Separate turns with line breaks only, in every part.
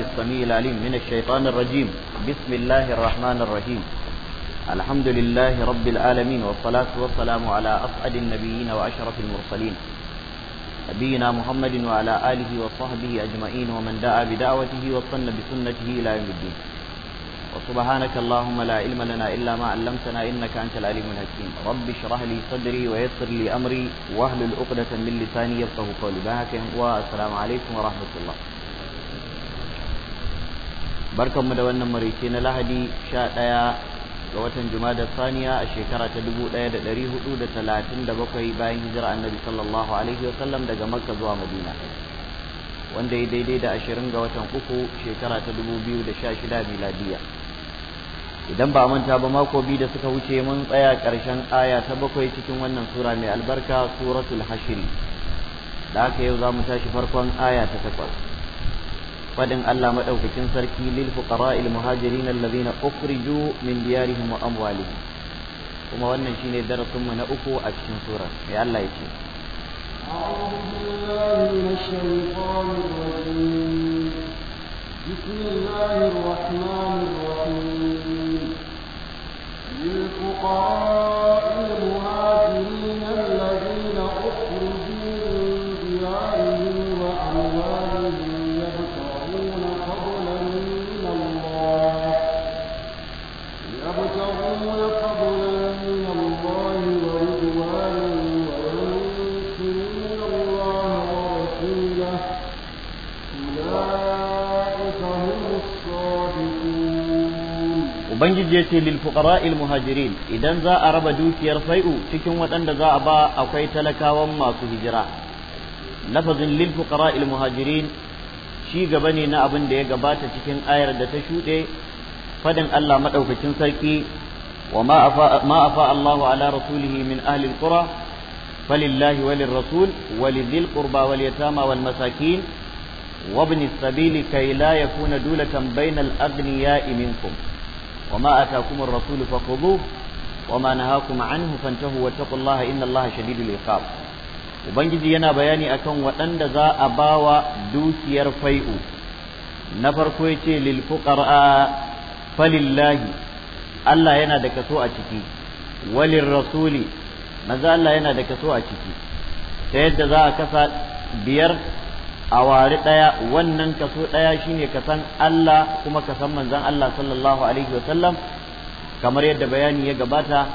السميع العليم من الشيطان الرجيم بسم الله الرحمن الرحيم الحمد لله رب العالمين والصلاة والسلام على أسعد النبيين وأشرف المرسلين نبينا محمد وعلى آله وصحبه أجمعين ومن دعا بدعوته وصن بسنته إلى يوم الدين وسبحانك اللهم لا علم لنا إلا ما علمتنا إنك أنت العليم الحكيم رب اشرح لي صدري ويسر لي أمري واهلل عقدة من لساني يفقه قولي باهك والسلام عليكم ورحمة الله barkanmu da wannan marike na lahadi sha ɗaya ga watan da saniya a shekara ta dubu ɗaya da ɗari hudu da talatin da bakwai bayan hijira annabi sallallahu alaihi wasallam daga makka zuwa madina wanda ya daidai da ashirin ga watan uku shekara ta dubu biyu da sha shida miladiya idan ba a manta ba mako biyu da suka wuce mun tsaya ƙarshen aya ta bakwai cikin wannan sura mai albarka suratul hashiri da haka yau za mu tashi farkon aya ta takwas فدن الله مدوكين سركي للفقراء المهاجرين الذين أخرجوا من ديارهم وأموالهم وما wannan shine darasin mu na uku a cikin sura mai Allah ya
أعوذ بالله من الشيطان الرجيم بسم الله الرحمن الرحيم للفقراء
ubangiji yace lil fuqara'il muhajirin idan za a raba dukiyar fai'u cikin waɗanda za a ba akwai talakawan masu hijira lafazin lil fuqara'il muhajirin shi gaba ne na abin da ya gabata cikin ayar da ta shuɗe fadin Allah madaukakin sarki wa ma afa Allahu ala rasulihi min ahli alqura فلله وللرسول ولذي القربى واليتامى والمساكين وابن السبيل كي لا يكون دولة بين الأغنياء منكم وما آتاكم الرسول فخذوه وما نهاكم عنه فانتهوا واتقوا الله إن الله شديد العقاب ubangiji yana bayani akan waɗanda za a bawa dukiyar fai'u na farko ya ce lil fuqara falillahi Allah yana da kaso a ciki walin rasuli maza Allah yana da kaso a ciki ta yadda za a kasa biyar a wari ɗaya wannan kaso ɗaya shine ka san Allah kuma ka san manzon Allah sallallahu alaihi wasallam kamar yadda bayani ya gabata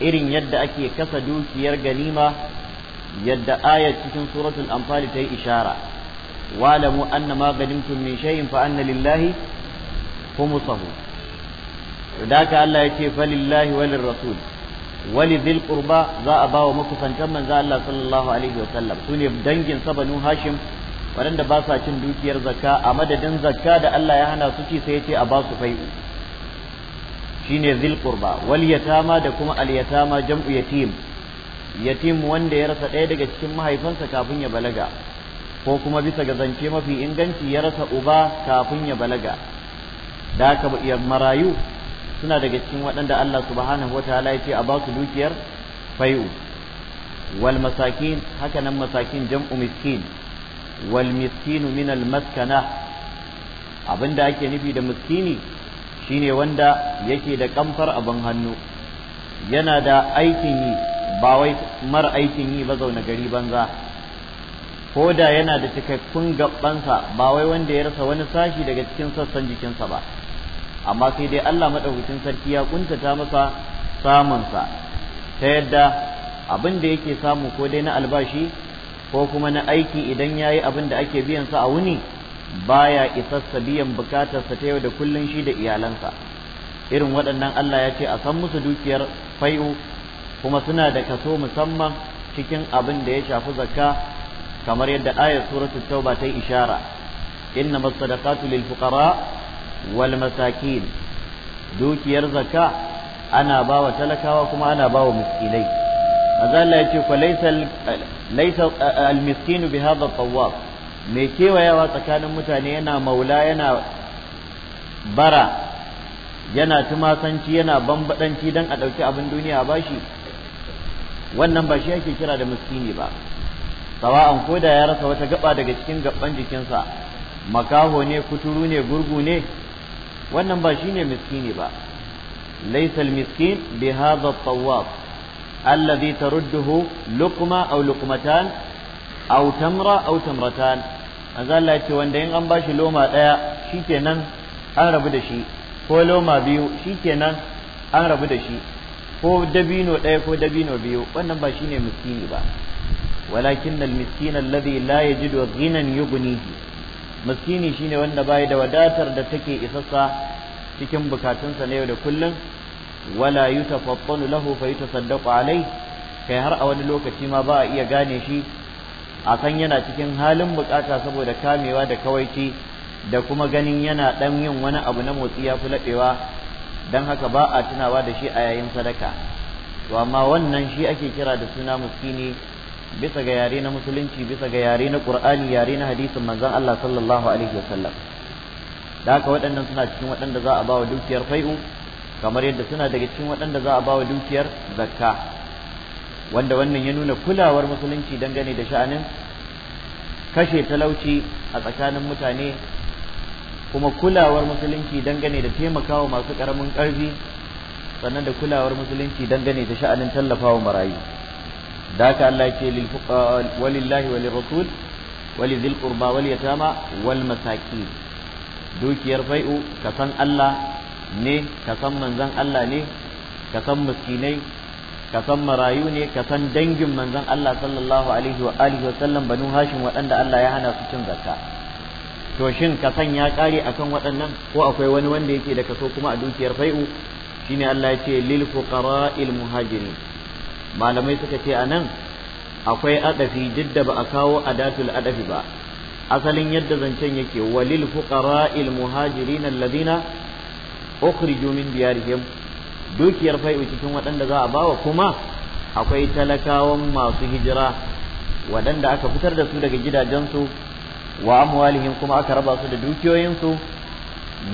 irin yadda ake kasa dukiyar ganima yadda aya cikin suratul anfal ta yi ishara walamu anna ma ganimtum min shay'in fa anna lillahi khumsahu daka Allah ya ce lillahi walir rasul
wali dhil qurba za a bawa makusantan manzo Allah
sallallahu alaihi wa sallam sune dangin sabanu hashim waɗanda ba sa cin dukiyar zakka a madadin zakka da Allah ya hana su ci sai ya ce a ba su fai'u shine zil qurba wal yatama da kuma al yatama jam'u yatim yatim wanda ya rasa ɗaya daga cikin mahaifansa kafin ya balaga ko kuma bisa ga zance mafi inganci ya rasa uba kafin ya balaga da haka marayu suna daga cikin waɗanda Allah subhanahu wataala ya ce a ba su dukiyar fai'u wal masakin haka nan masakin jam'u miskin wal miskinu min al maskana abinda ake nufi da miskini shine wanda yake da kamfar abin hannu yana da aikin yi ba wai mar aikin yi ba zaune gari banza ko da yana da cikakkun gabansa ba wai wanda ya rasa wani sashi daga cikin sassan jikinsa ba amma sai dai Allah madaukakin sarki ya kuntata masa samunsa ta yadda abin da yake samu ko dai na albashi ko kuma na aiki idan ya yi abin da ake biyan sa a wuni baya isassa biyan bukatarsa ta yau da kullum shi da iyalansa irin waɗannan Allah ya ce a san musu dukiyar fai'u kuma suna da kaso musamman cikin abin da ya shafi zakka kamar yadda ayar suratu tauba ta yi ishara inna masadaqatu lil fuqara wal masakin dukiyar zakka ana bawa talakawa kuma ana bawa miskinai azalla ya ce fa laysa al bi hadha tawwab mai kewayawa tsakanin mutane yana maula yana bara yana tumasanci yana bambadanci dan a dauki abin duniya a bashi wannan ba shi ake kira da miskini ba sawa'an ko da ya rasa wata gaba daga cikin gaban jikinsa makaho ne kuturu ne gurgu ne wannan ba shi ne miskini ba laisal miskin bi hadha tawwab الذي ترده لقمة أو لقمتان أو تمرة أو تمرتان manzo Allah ce wanda in an ba shi loma ɗaya shikenan an rabu da shi ko loma biyu shikenan an rabu da shi ko dabino ɗaya ko dabino biyu wannan ba shine miskini ba walakin al miskina alladhi la yajidu ghinan yughnihi miskini shine wanda baya da wadatar da take isassa cikin bukatunsa na yau da kullum wala yutafattanu lahu fa yutasaddaqu alayhi kai har a wani lokaci ma ba a iya gane shi a san yana cikin halin bukata saboda kamewa da kawaici da kuma ganin yana dan yin wani abu na motsi ya fi don haka ba a tunawa da shi a yayin sadaka to amma wannan shi ake kira da suna muskini bisa ga yare na musulunci bisa ga yare na qur'ani yare na hadisin manzon Allah sallallahu alaihi wasallam da haka waɗannan suna cikin waɗanda za a ba wa dukiyar fai'u kamar yadda suna daga cikin waɗanda za a ba wa dukiyar zakka wanda wannan ya nuna kulawar musulunci dangane da sha'anin kashe talauci a tsakanin mutane kuma kulawar musulunci dangane da taimakawa masu ƙaramin ƙarfi sannan da kulawar musulunci dangane da sha'anin tallafawa marayu da haka Allah ya ce walillahi wa lirrasul qurba wal yatama wal masakin dukiyar fai'u ka san Allah ne ka san manzon Allah ne ka san miskinai ka san marayu ne ka san dangin manzon Allah sallallahu alaihi wa alihi wa sallam banu hashim waɗanda Allah ya hana su cin zakka to shin ka san ya kare akan waɗannan ko akwai wani wanda yake da kaso kuma a dukiyar fai'u shine Allah ya ce lil fuqara'il muhajirin malamai suka ce anan akwai adafi duk da ba a kawo adatul adafi ba asalin yadda zancen yake walil fuqara'il muhajirin alladhina ukhriju min diyarihim dukiyar fai'u cikin waɗanda za a bawa kuma akwai talakawan masu hijira waɗanda aka fitar da su daga gidajensu wa amwalihim kuma aka raba su da dukiyoyinsu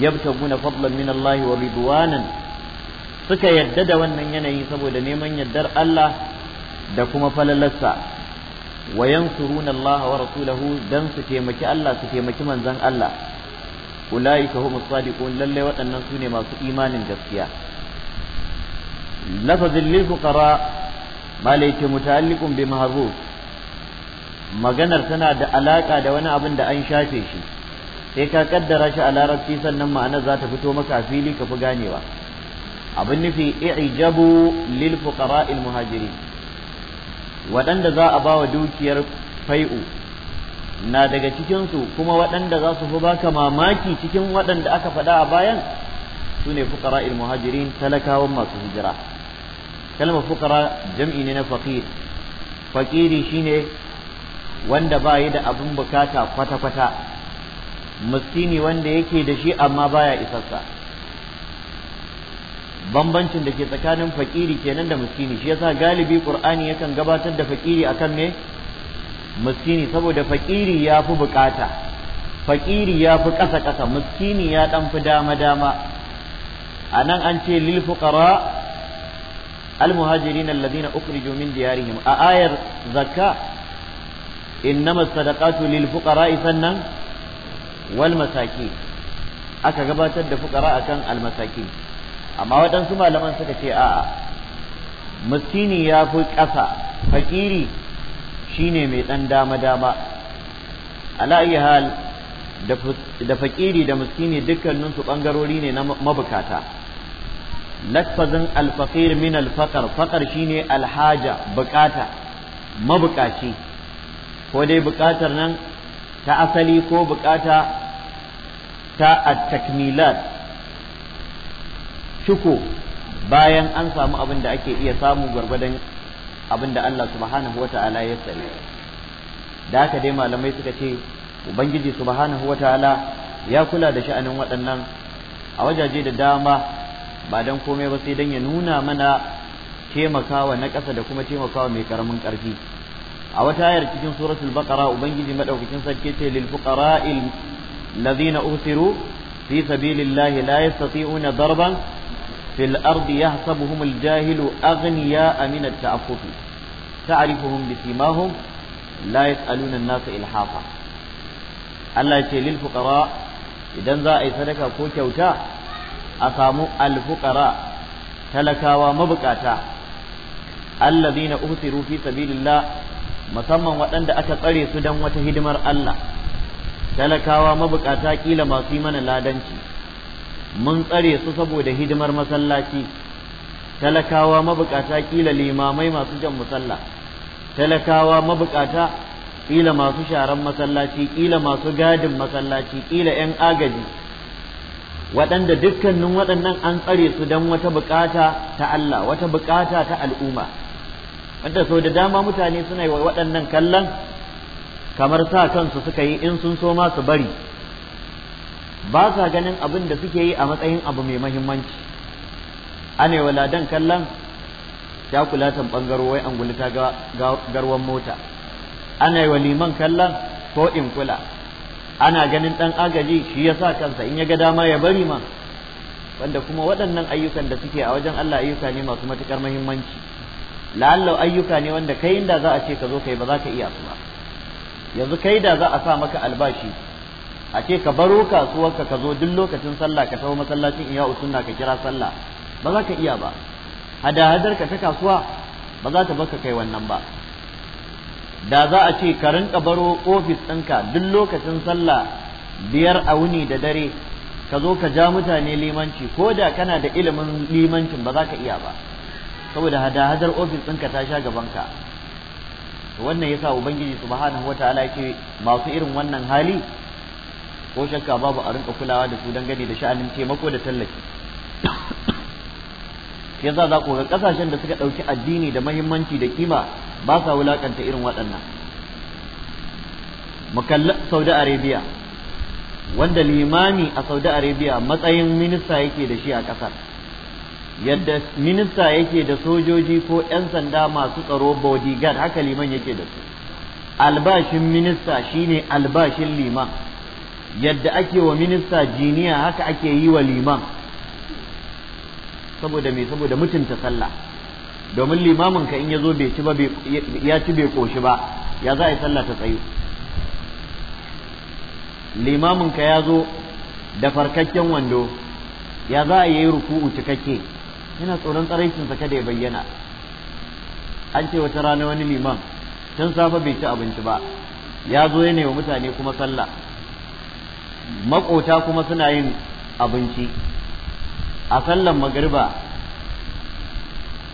yabtaguna fadlan min Allah wa ridwanan suka yadda da wannan yanayi saboda neman yaddar Allah da kuma falalarsa wa yansuruna Allah wa rasulahu dan su taimaki Allah su taimaki manzon Allah ulaika humus sadiqun lalle waɗannan su ne masu imanin gaskiya lafazin lil fuqara malaike muta'alliqun bi mahruf maganar tana da alaka da wani abin da an shafe shi sai ka kaddara shi a larabci sannan ma'anar za ta fito maka a fili ka fi ganewa abin nufi i'jabu lil fuqara al muhajirin waɗanda za a ba wa dukiyar fai'u na daga cikinsu kuma waɗanda za su fi baka mamaki cikin waɗanda aka faɗa a bayan su ne fukara muhajirin talakawan masu hijira kalmar fukara jam'i ne na faƙir faƙiri ne wanda ba yi da abin bukata kwata-kwata miskini wanda yake da shi amma baya isarsa bambancin da ke tsakanin faƙiri kenan da miskini shi yasa galibi ƙur'ani yakan gabatar da faƙiri akan me miskini saboda fakiri ya fi bukata fakiri ya fi ƙasa ƙasa miskini ya ɗan fi dama dama a nan an ce lil fuqara al muhajirin alladhina ukhriju min diyarihim a ayar zakka innama sadaqatu lil fuqara sannan wal masaki aka gabatar da fuqara akan al masaki amma waɗansu malaman suka ce a'a miskini ya fi ƙasa fakiri shine mai ɗan dama-dama ala hal da fakiri da miskini dukkaninsu ɓangarori ne na mabukata lafazin alfaqir min alfaqar faqar shine alhaja bukata mabukaci ko dai bukatar nan ta asali ko bukata ta at-takmilat shuko bayan an samu abin da ake iya samu gwargwadon abinda Allah subhanahu wata'ala ya sani da haka dai malamai suka ce ubangiji subhanahu wata'ala ya kula da sha'anin waɗannan a wajaje da dama ba dan komai ba sai dan ya nuna mana taimakawa na ƙasa da kuma taimakawa mai karamin ƙarfi a wata ayar cikin suratul baqara ubangiji madaukakin sarki ce lil fuqara'il ladina usiru fi sabilillahi la yastati'una darban fil ardi yahsabuhum al jahilu aghniya min at ta'affuf ta'rifuhum bi simahum bisimahu yas'aluna an-nasa ilhafa Allah ce lil fuqara idan za a yi sadaka ko kyauta a kamu al talakawa mabukata allazina uhsiru fi sabilillah musamman waɗanda aka tsare su dan wata hidimar Allah talakawa mabukata ƙila masu yi mana ladanci mun tsare su saboda hidimar masallaci talakawa mabukata kila limamai masu jan musalla talakawa mabukata kila masu sharan masallaci kila masu gadin masallaci kila 'yan agaji waɗanda dukkanin waɗannan an tsare su don wata bukata ta Allah wata bukata ta al'umma wanda sau da dama mutane suna yi wa waɗannan kallon kamar sa kansu suka yi in sun so ma su bari ba sa ganin abin da suke yi a matsayin abu mai mahimmanci ane waladan kallon tan bangaro wai anguli ta garwan mota ana yi wa liman kallon ko in kula ana ganin ɗan agaji shi ya sa kansa in ya ga dama ya bari ma wanda kuma waɗannan ayyukan da suke a wajen Allah ayyuka ne masu matuƙar mahimmanci la'allau ayyuka ne wanda kai inda za a ce ka zo kai ba za ka iya su ba yanzu kai da za a sa maka albashi a ce ka baro kasuwarka ka zo duk lokacin sallah ka tawo masallacin iya sunna ka kira sallah ba za ka iya ba hada-hadar ka ta kasuwa ba za ta baka kai wannan ba da za a ce ka rinka baro ofis ɗinka duk lokacin sallah biyar a wuni da dare ka zo ka ja mutane limanci ko da kana da ilimin limancin ba za ka iya ba saboda hada-hadar ofis ɗinka ta sha gabanka wannan yasa ubangiji subhanahu wataala yake masu irin wannan hali ko shakka babu a rinka kulawa da su dangane da sha'anin taimako da tallafi yasa za ku ga kasashen da suka ɗauki addini da mahimmanci da kima ba sa wulakanta irin waɗannan mu saudi arabia wanda limami a saudi arabia matsayin minista yake da shi a ƙasar yadda minista yake da sojoji ko 'yan sanda masu tsaro bodyguard haka liman yake da su albashin minista shine albashin liman yadda ake wa minista jiniya haka ake yi wa liman saboda mai saboda mutunta sallah domin limamin ka in ya zo bai ci ba ya ci bai koshi ba ya za a yi sallah ta tsayu limamin ka ya zo da farkakken wando ya za a yi ruku'u cikakke yana tsoron sa kada ya bayyana an ce wata rana wani liman tun safe bai ci abinci ba ya zo ya wa mutane kuma sallah Maƙota kuma suna yin abinci a sallan magariba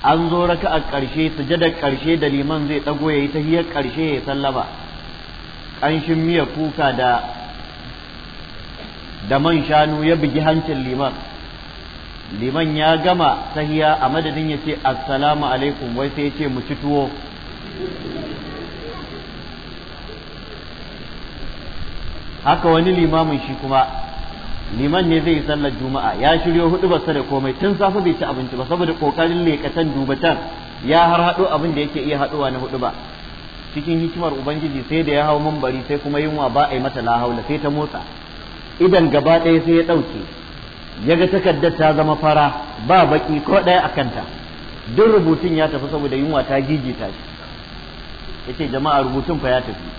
an zo raka a ƙarshe sujadar ƙarshe da liman zai ɗago ya yi tahiyar ƙarshe ya sallaba ƙanshin miya kuka da da man shanu ya bugi hancin liman liman ya gama tahiya a madadin ya ce assalamu alaikum wai sai ya ce mu ci tuwo haka wani limamin shi kuma liman ne zai yi sallar juma'a ya shiryo hudu ba da komai tun safe bai ci abinci ba saboda kokarin lekatan dubatan ya har hado abin da yake iya haduwa na hudu ba cikin hikimar ubangiji sai da ya hau mambari sai kuma yunwa ba a yi mata lahaula sai ta motsa idan gaba ɗaya sai ya ɗauke ya ga takardar ta zama fara ba baki ko ɗaya a kanta duk rubutun ya tafi saboda yunwa ta gigita shi yace jama'a rubutun fa ya tafi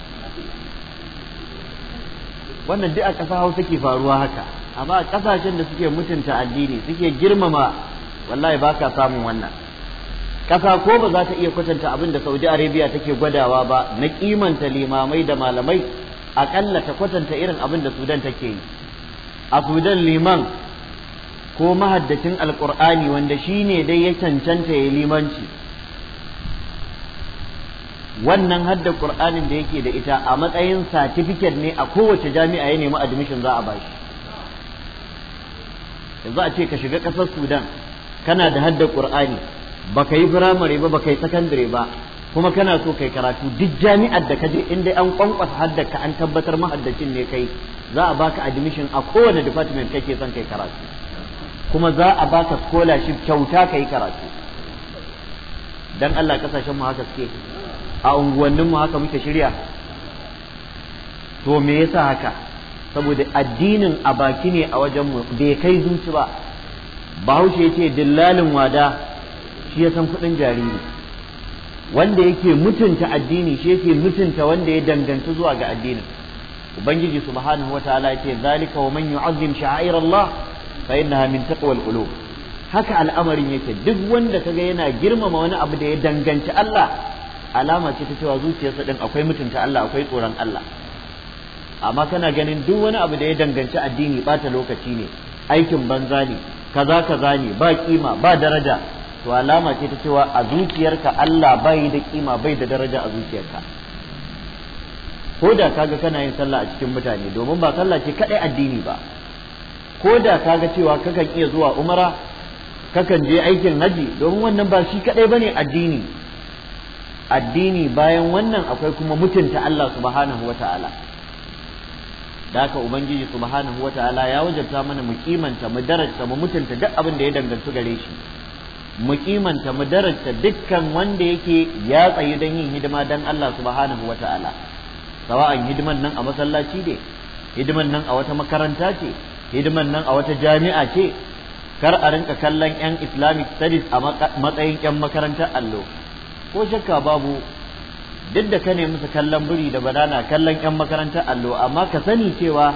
wannan duk a ƙasa hausa ke faruwa haka amma a ƙasashen da suke mutunta addini suke girmama wallahi ba ka samun wannan ƙasa ko ba za ta iya kwatanta abin da saudi arabia take gwadawa ba na kimanta limamai da malamai aƙalla ta kwatanta irin abin da sudan take yi a sudan liman ko mahaddacin alƙur'ani wanda shi ne dai ya cancanta ya limanci wannan hadda qur'anin da yake da ita a matsayin certificate ne a kowace jami'a ya nemi admission za a shi yanzu a ce ka shiga ƙasar sudan kana da hadda qur'ani ka yi firamare ba ka yi sakandare ba kuma kana so kai karatu duk jami'ar da ka je inda an kwankwasa haddar ka an tabbatar mahaddacin ne kai za a baka admission a kowane department kake son kai karatu kuma za a baka scholarship kyauta yi karatu dan Allah kasashen mu haka suke a unguwanninmu haka muke shirya to me yasa haka saboda addinin a baki ne a wajenmu bai kai zuci ba bahaushe ya ce dillalin wada shi ya san kuɗin jariri wanda yake mutunta addini shi yake mutunta wanda ya danganta zuwa ga addinin ubangiji subhanahu ta'ala ya ce zalika wa man yu'azzim sha'air Allah fa innaha min taqwal qulub haka al'amarin yake duk wanda kaga yana girmama wani abu da ya danganci Allah alama ce ta cewa zuciyarsa din akwai mutunta Allah akwai tsoron Allah amma kana ganin duk wani abu da ya danganci addini bata lokaci ne aikin banza ne kaza kaza ne ba kima ba daraja to alama ce ta cewa a zuciyarka Allah bai da kima bai da daraja a zuciyarka ko da kaga kana yin sallah a cikin mutane domin ba sallah ce kadai addini ba ko da kaga cewa kakan iya zuwa umara kakan je aikin haji domin wannan ba shi kadai bane addini addini bayan wannan akwai kuma mutunta Allah subhanahu wata'ala da ubangiji subhanahu wata'ala ya wajabta mana mu kimanta mu darajta mu mutunta duk abin da ya danganta gare shi mu kimanta mu darajta dukkan wanda yake ya tsayi don yin hidima don Allah subhanahu wata'ala sawa'an hidiman nan a masallaci ne hidiman nan a wata makaranta ce hidiman nan a wata jami'a ce kar a rinka kallon 'yan islamic studies a matsayin 'yan makarantar allo ko shakka babu duk da ka ne musu kallon biri da banana kallon 'yan makarantar allo amma ka sani cewa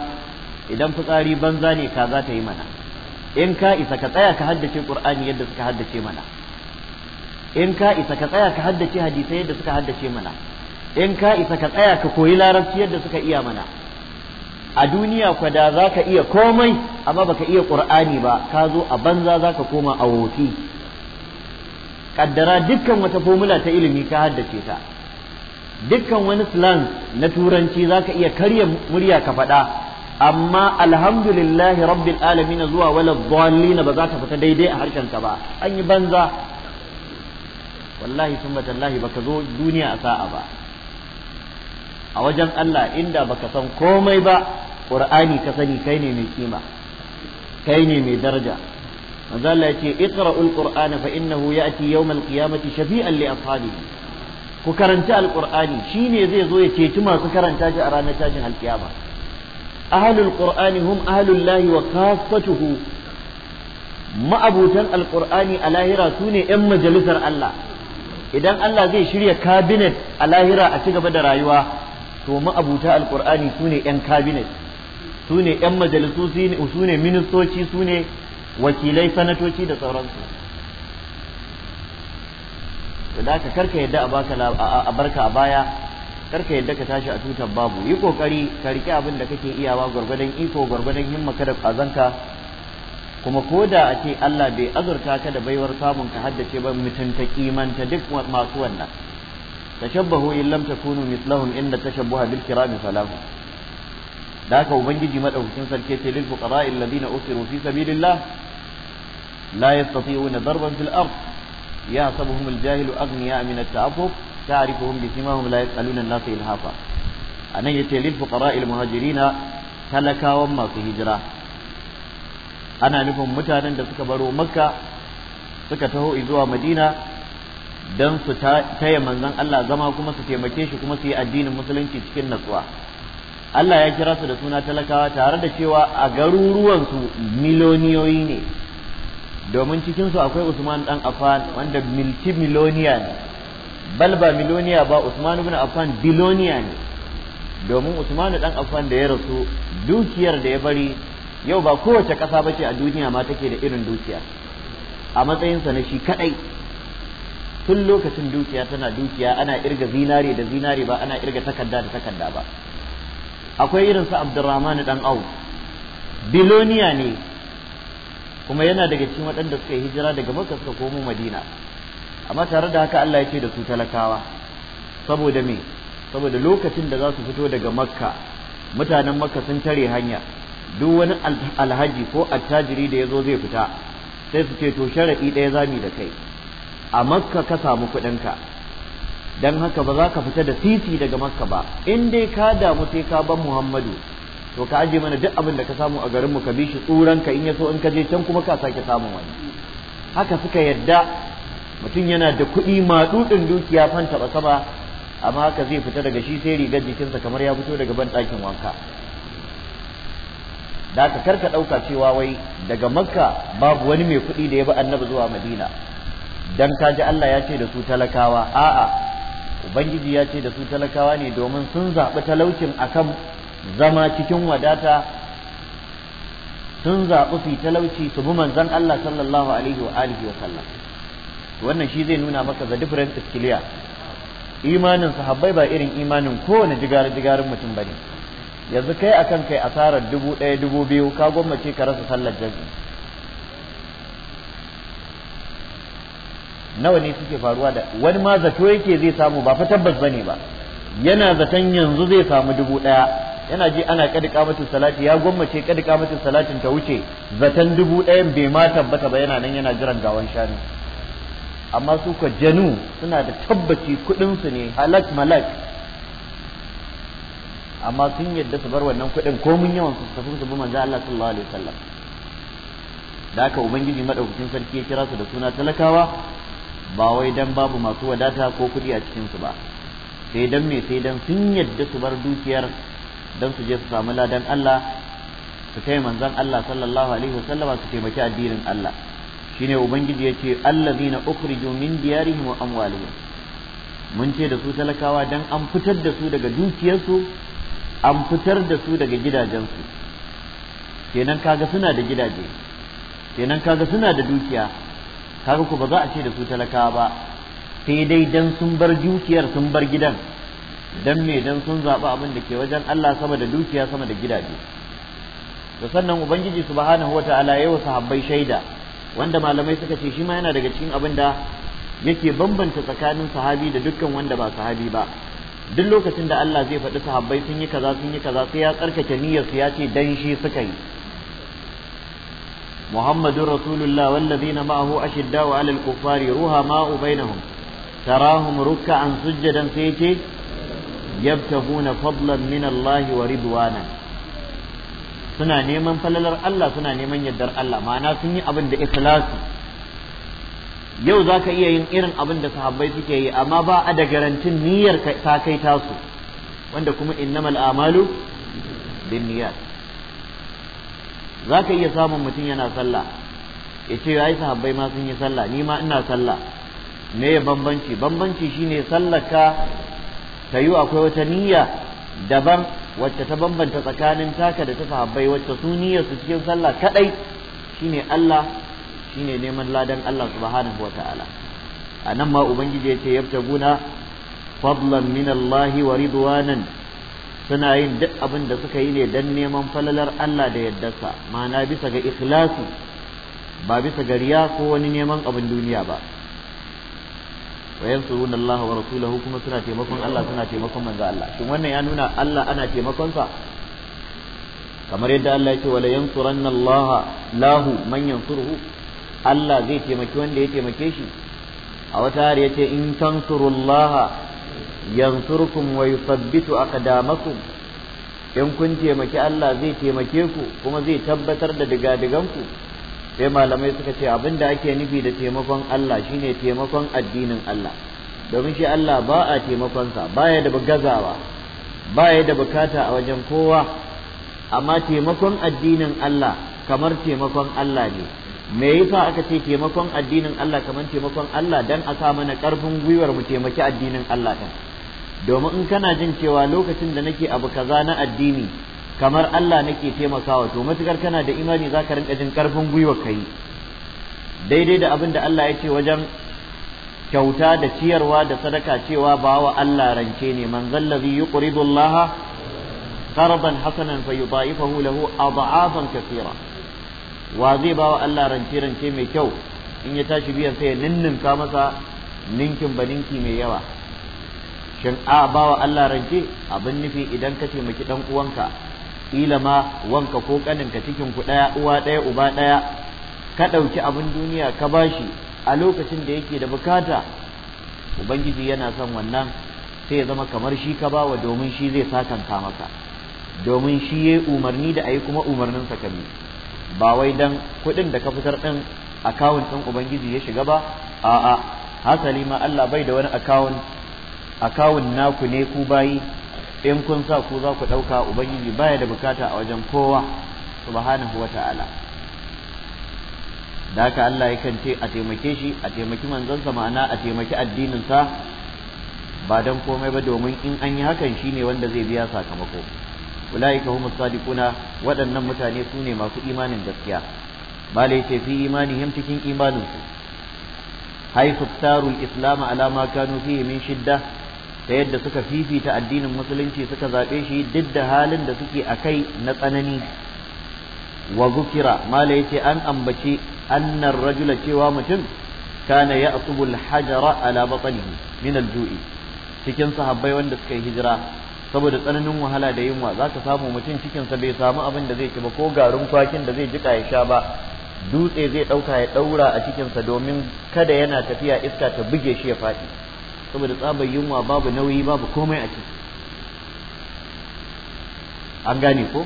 idan fitsari banza ne ka za ta yi mana in ka isa ka tsaya ka haddace qur'ani yadda suka haddace mana in ka isa ka tsaya ka haddace hadisai yadda suka haddace mana in ka isa ka tsaya ka koyi larabci yadda suka iya mana a duniya kwa da za ka iya komai amma baka iya qur'ani ba ka zo a banza za ka koma a wofi kaddara dukkan wata formula ta ilimi ka haddace ta dukkan wani slang na turanci zaka iya karya murya ka faɗa amma alhamdulillahi rabbil alamin zuwa wala dhallina ba za ta fita daidai a harshen ka ba an yi banza wallahi summa tallahi baka zo duniya a sa'a ba a wajen Allah inda baka san komai ba qur'ani ka sani kai ne mai kima kai ne mai daraja manzo Allah yace iqra'ul qur'ana fa innahu ya'ti yawmal qiyamati shafi'an li ashabihi ku karanta alqur'ani shine zai zo ya ceci masu karanta shi a ranar tashin alkiyama ahlul qur'ani hum ahlul lahi wa khassatuhu ma'abutan alqur'ani a lahira su ne yan majalisar Allah idan Allah zai shirya cabinet a lahira a ci gaba da rayuwa to ma'abuta alqur'ani su ne yan cabinet su ne yan majalisu su ne ministoci su ne wakilai sanatoci da sauransu to da ka karka yadda a barka a baya karka yadda ka tashi a tutar babu yi kokari ka rike abin da kake iyawa gwargwadon iko gwargwadon himma kada kazanka kuma ko da a ce Allah bai azurta ka da baiwar samun ka haddace ba mutunta kimanta duk masu wannan tashabbahu in lam takunu mislahum inda tashabbuha bil kirami falahu da haka ubangiji madaukakin sarki ce lil fuqara alladhina usiru fi sabilillah لا يستطيعون ضربا في الأرض يحسبهم الجاهل أغنياء من التعفف تعرفهم بسماهم لا يسألون الناس إلهافا أنا يتي للفقراء المهاجرين تلكا وما في هجرة أنا نفهم متانا da suka baro Makka suka taho zuwa Madina dan su taya manzon Allah zama kuma su taimake shi kuma su yi addinin musulunci cikin natsuwa Allah ya kira su da suna talakawa tare da cewa a garuruwansu miloniyoyi ne domin cikinsu akwai usman dan affan wanda milki miloniya ne balba ba miloniya ba usman ibn affan biloniya ne domin usman dan affan da ya rasu dukiyar da ya bari yau ba kowace ƙasa ba ce a duniya ma take da irin dukiya a matsayinsa na shi kaɗai tun lokacin dukiya tana dukiya ana irga zinare da zinare ba ana irga takarda da takarda ba akwai irin irinsa abdurrahman dan au biloniya ne kuma yana daga cikin waɗanda suka yi hijira daga Makka suka komo Madina amma tare da haka Allah ya ce da su talakawa saboda me saboda lokacin da za su fito daga Makka mutanen Makka sun tare hanya duk wani alhaji ko attajiri da ya zo zai fita sai su ce to sharaɗi ɗaya zami da kai a makka ka samu kuɗinka dan haka ba za ka fita da sisi daga makka ba in dai ka damu sai ka ban muhammadu to ka aje mana duk abin da ka samu a garin mu ka bi shi tsuran ka in ya so in ka je can kuma ka sake samu wani haka suka yadda mutum yana da kuɗi maɗuɗin dukiya fan taɓa sama amma haka zai fita daga shi sai rigar jikinsa kamar ya fito daga ban ɗakin wanka da ka karka ɗauka cewa wai daga makka babu wani mai kuɗi da ya bi annabi zuwa madina dan ka ji Allah ya ce da su talakawa a'a ubangiji ya ce da su talakawa ne domin sun zaɓi talaucin akan zama cikin wadata sun zaɓi fi talauci su bi manzon Allah sallallahu alaihi wa alihi wa sallam wannan shi zai nuna maka the difference is clear imanin sahabbai ba irin imanin kowane jigarar jigarin mutum bane yanzu kai akan kai asarar dubu ɗaya dubu biyu ka gwammace ka rasa sallar jazi nawa ne suke faruwa da wani ma zato yake zai samu ba fa tabbas bane ba yana zaton yanzu zai samu dubu ɗaya yana ji ana kada kamatin salati ya gwammace kada kamatin salatin ta wuce zaton dubu ɗayan bai ma tabbata ba yana nan yana jiran gawan shanu amma su ka janu suna da tabbaci kuɗin ne halak malak amma sun yadda su bar wannan kuɗin ko mun yawan su tafi su bi manzo Allah sallallahu alaihi wasallam da haka ubangiji madaukakin sarki ya kira su da suna talakawa ba wai dan babu masu wadata ko kuɗi a cikin su ba sai dan me sai dan sun yadda su bar dukiyar don su je su samu ladan Allah su kai manzon Allah sallallahu alaihi wasallama su taimaki addinin Allah shine ubangiji yace allazina ukhriju min diyarihim wa amwalihim mun ce da su talakawa dan an fitar da su daga dukiyarsu an fitar da su daga gidajensu kenan kaga suna da gidaje kenan kaga suna da dukiya kaga ku ba za a ce da su talakawa ba sai dai dan sun bar dukiyar sun bar gidan dan me dan sun zaɓi abin da ke wajen Allah sama da dukiya sama da gidaje da sannan ubangiji subhanahu wata'ala yayi wa sahabbai shaida wanda malamai suka ce shi ma yana daga cikin abin da yake bambanta tsakanin sahabi da dukkan wanda ba sahabi ba duk lokacin da Allah zai faɗi sahabbai sun yi kaza sun yi kaza sai ya tsarkake niyyar su ya ce dan shi suka yi محمد ashidda wa alal معه ruha على الكفار tarahum rukka تراهم ركعا سجدا سيتي yabtaguna fadlan min Allah wa ridwana suna neman falalar Allah suna neman yardar Allah ma'ana sun yi abin da ikhlasi yau za ka iya yin irin abin da sahabbai suke yi amma ba a da garantin niyyar ta kai tasu wanda kuma innamal amalu bin niyyar za ka iya samun mutum yana sallah ya ce ya yi sahabbai ma sun yi sallah ni ma ina sallah me ya bambanci bambanci shine sallaka sallaka. ta yi akwai wata niyya daban wacce ta bambanta tsakanin taka da ta sahabbai wacce su su cikin sallah kadai shine Allah shine neman ladan Allah subhanahu wataala a nan ma ubangiji ya ce yabtaguna fadlan min Allah wa ridwanan suna yin duk abin da suka yi ne dan neman falalar Allah da yaddarsa ma'ana bisa ga ikhlasi ba bisa ga riya ko wani neman abin duniya ba wa yansuruna Allah wa rasulahu kuma suna taimakon Allah suna taimakon manzo Allah shin wannan ya nuna Allah ana taimakon sa kamar yadda Allah yake wala yansuranna Allah lahu man yansuruhu Allah zai taimaki wanda ya taimake shi a wata hari yace in tansurullaha yansurkum wa yuthabbitu aqdamakum in kun taimaki Allah zai taimake ku kuma zai tabbatar da diga digadiganku ku sai malamai suka ce abin da ake nufi da taimakon Allah shine taimakon addinin Allah domin shi Allah ba a taimakonsa baya da gazawa baya da bukata a wajen kowa amma taimakon addinin Allah kamar taimakon Allah ne me yasa aka ce taimakon addinin Allah kamar taimakon Allah dan a sa mana karfin gwiwar mu taimaki addinin Allah din domin in kana jin cewa lokacin da nake abu kaza na addini kamar Allah nake taimakawa to matukar kana da imani za ka rinka jin karfin gwiwa ka yi daidai da abin da Allah ya ce wajen kyauta da ciyarwa da sadaka cewa ba wa Allah rance ne man zallazi yuqridu Allah qardan hasanan fayudaifahu lahu ad'afan kathira wa zai ba wa Allah rance rance mai kyau in ya tashi biyan sai ya ninninka masa ninkin baninki mai yawa shin a ba wa Allah rance abin nufi idan ka taimaki dan uwanka kila ma wanka ko kaninka cikin ku daya uwa ɗaya uba daya ka ɗauki abin duniya ka bashi a lokacin da yake da bukata ubangiji yana son wannan sai ya zama kamar shi ka bawa domin shi zai sakanka maka domin shi ya umarni da a yi kuma umarnin sa kabi ba wai dan kuɗin da ka fitar ɗin akawun ɗin ubangiji ya shiga ba a'a hasali ma Allah bai da wani akawun akawun naku ne ku bayi in kun sa ku za ku ɗauka ubangiji baya da bukata a wajen kowa subhanahu wa ta'ala da haka Allah yakan ce a taimake shi a taimaki manzansa ma'ana a taimaki addininsa ba don komai ba domin in an yi hakan shine wanda zai biya sakamako ulaika humus sadiquna waɗannan mutane su ne masu imanin gaskiya bale yace fi imanihim cikin imaninsu haythu tarul islam ala ma kanu fihi min shiddah ta yadda suka fifita addinin musulunci suka zaɓe shi duk da halin da suke a kai na tsanani wa zukira mala yace an ambaci annar rajula cewa mutum kana ya'tubu asubul hajara ala batnihi min alju'i cikin sahabbai wanda suka yi hijira saboda tsananin wahala da yunwa za ka samu mutum cikinsa bai samu abin da zai ci ba ko garin kwakin da zai jika ya sha ba dutse zai ɗauka ya ɗaura a cikinsa domin kada yana tafiya iska ta buge shi ya faɗi saboda tsabar yunwa babu nauyi babu komai a ciki an gane ko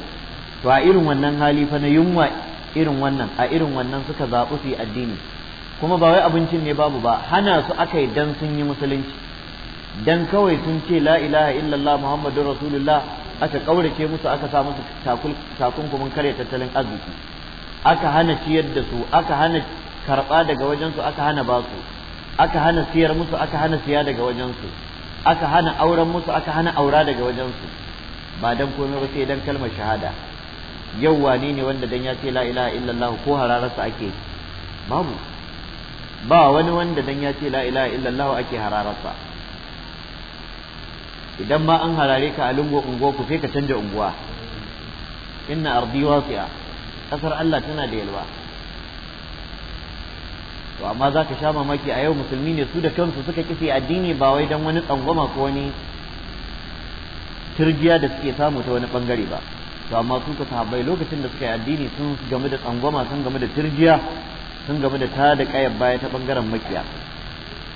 to a irin wannan hali fa na yunwa irin wannan a irin wannan suka zaɓi su yi addini kuma ba wai abincin ne babu ba hana su aka yi dan sun yi musulunci dan kawai sun ce la ilaha illallah muhammadun rasulullah aka kaurace musu aka sa musu takunkumin karya tattalin arziki aka hana ciyar da su aka hana karɓa daga wajen su aka hana ba su. aka hana siyar musu aka hana siya daga wajensu aka hana auren musu aka hana aura daga wajensu ba dan komai ba sai dan kalmar shahada yau wani ne wanda dan ya ce la ilaha illallah ko hararsa ake babu ba wani wanda dan ya ce la ilaha illallah ake hararsa idan ma an harare ka a lungo unguwa ku sai ka canja unguwa inna ardi wasi'a kasar Allah tana da yalwa to amma za ka sha mamaki a yau musulmi ne su da kansu suka kife addini ba wai don wani tsangwama ko wani turjiya da suke samu ta wani bangare ba to amma su ka sahabbai lokacin da suka yi addini sun gamu da tsangwama sun gamu da turjiya sun gamu da ta da kayan baya ta bangaren makiya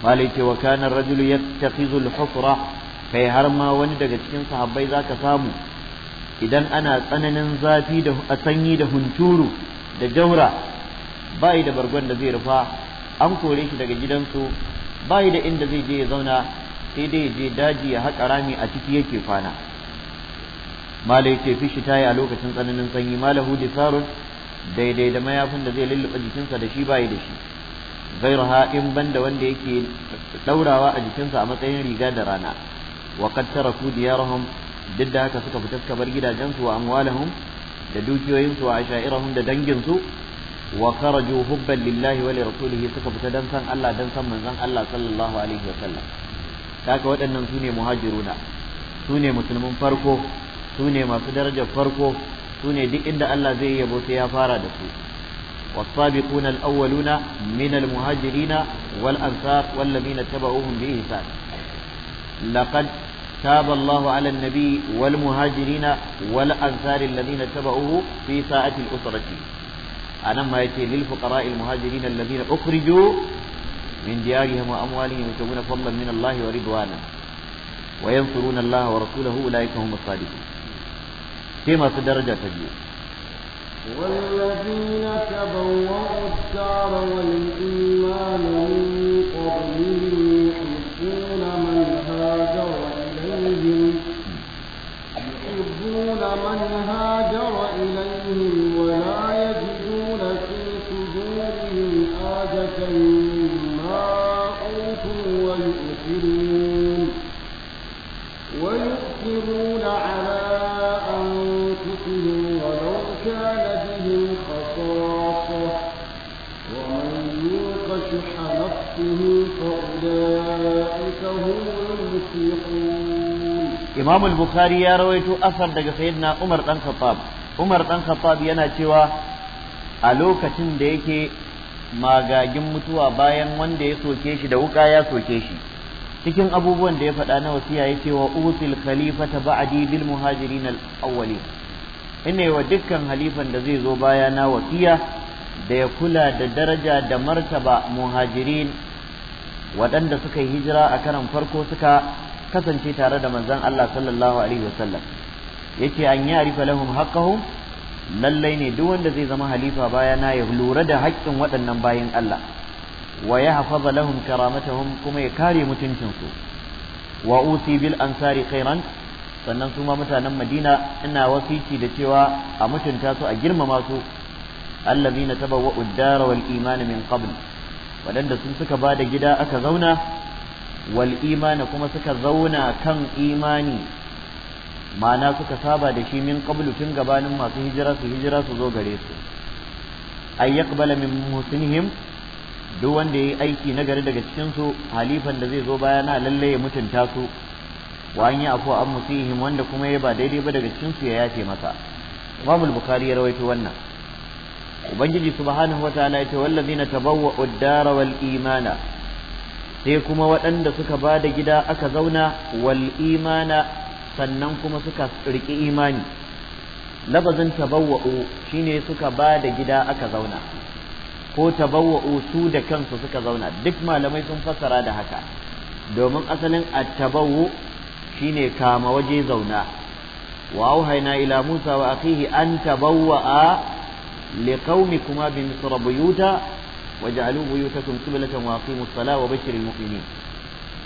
malai ce wa kana rajulu yattakhizul hufra kai har ma wani daga cikin sahabbai zaka samu idan ana tsananin zafi da sanyi da hunturu da jaura bai da bargon da zai rufa an kore shi daga gidansu bai da inda zai je ya zauna sai dai ya je daji ya haƙa rami a ciki yake kwana malai ce fishi yi a lokacin tsananin sanyi malahu disarun daidai da mayafin da zai lulluɓa jikinsa da shi bai da shi ghairuha in banda wanda yake ɗaurawa a jikinsa a matsayin riga da rana wa qad taraku diyarahum duk da haka suka fita suka bar gidajensu wa amwalahum da dukiyoyinsu wa ashairahum da danginsu wa kharaju hubban lillahi wa lirasulihi suka fita dan san Allah dan san manzon Allah sallallahu alaihi wa sallam haka waɗannan sune muhajiruna sune musulmin farko sune masu darajar farko sune duk inda Allah zai yabo sai ya fara da su والسابقون الأولون من المهاجرين والأنصار والذين اتبعوهم بإحسان لقد تاب الله على النبي والمهاجرين والأنصار الذين اتبعوه في ساعة الأسرة ما يأتي للفقراء المهاجرين الذين أخرجوا من ديارهم وأموالهم يبتغون فضلا من الله ورضوانا وينصرون الله ورسوله أولئك هم الصادقون فيما في درجة تجيب
والذين تبوأوا الدار والإيمان من قبلهم يحبون من هاجر إليهم يحبون من هاجر إليهم ولا Imam
al-Bukhari ya rawaito asar daga sayyidina Umar dan Khattab Umar dan Khattab yana cewa a lokacin da yake magagin mutuwa bayan wanda ya soke shi da wuka ya soke shi cikin abubuwan da ya faɗa na wasiya ya ce wa util khalifata ba'di bil muhajirin al awwalin wa dukkan halifan da zai zo baya na wasiya da ya kula da daraja da martaba muhajirin waɗanda suka yi hijira a karan farko suka kasance tare da manzon Allah sallallahu alaihi wasallam yace an ya'rifa lahum haqqahum lallai ne duk wanda zai zama halifa bayana ya lura da haƙƙin waɗannan bayin Allah wa ya hafaza lahum karamatahum kuma ya kare mutuncinsu wa usi bil ansari khairan sannan su ma mutanen Madina ina wasici da cewa a mutunta su a girmama su allazina tabawwa'u ad-dara wal iman min qabl wadanda sun suka bada gida aka zauna wal imani kuma suka zauna kan imani ma'ana suka saba da shi min qablu tun gabanin masu hijira su hijira su zo gare su ay yaqbala min muhsinihim duk wanda yayi aiki na gari daga cikin su halifan da zai zo na lalle ya mutunta su wa an yi afwa an musihim wanda kuma ya ba daidai ba daga cikin su ya yafe masa Imam al-Bukhari ya rawaito wannan Ubangiji subhanahu wataala yace wallazina tabawwa'u ad-dara wal imana sai kuma waɗanda suka ba da gida aka zauna wal imana sannan kuma suka riki imani labazin tabawwa'u shine suka ba da gida aka zauna ko tabawwa'u su da kansu suka zauna duk malamai sun fassara da haka domin asalin attabawu shine kama waje zauna wa auhayna ila Musa wa akhihi an tabawwa'a liqaumikuma bi misr buyuta waj'alu buyutakum qiblatan wa aqimus salata wa bashiril mu'minin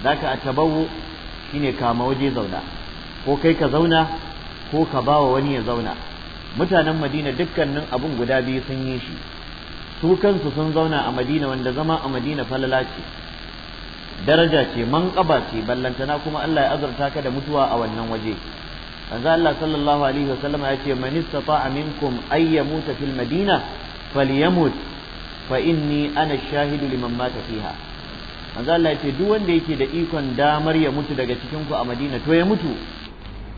daka attabawu shine kama waje zauna ko kai ka zauna ko ka ba wa wani ya zauna mutanen madina dukkanin abun guda biyu sun yi shi su kansu sun zauna a madina wanda zama a madina falala ce daraja ce manƙaba ce ballantana kuma Allah ya azurta ka da mutuwa a wannan waje manzo Allah sallallahu alaihi wasallam ya ce man istata'a minkum ay yamuta fil madina falyamut fa inni ana shahidu liman mata fiha manzo Allah ya ce duk wanda yake da ikon damar ya mutu daga cikin ku a madina to ya mutu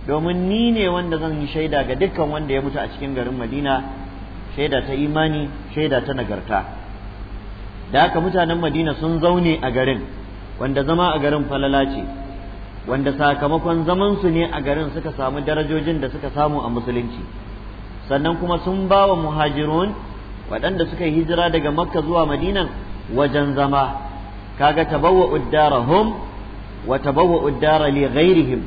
domin ni ne wanda zan yi shaida ga dukkan wanda ya mutu a cikin garin Madina shaida ta imani shaida ta nagarta da haka mutanen Madina sun zaune a garin wanda zama a garin falala ce wanda sakamakon zamansu ne a garin suka samu darajojin da suka samu a musulunci sannan kuma sun ba wa muhajirun waɗanda suka yi hijira daga makka zuwa madinan wajen zama kaga tabawa uddarahum wa tabawwa uddara li ghairihim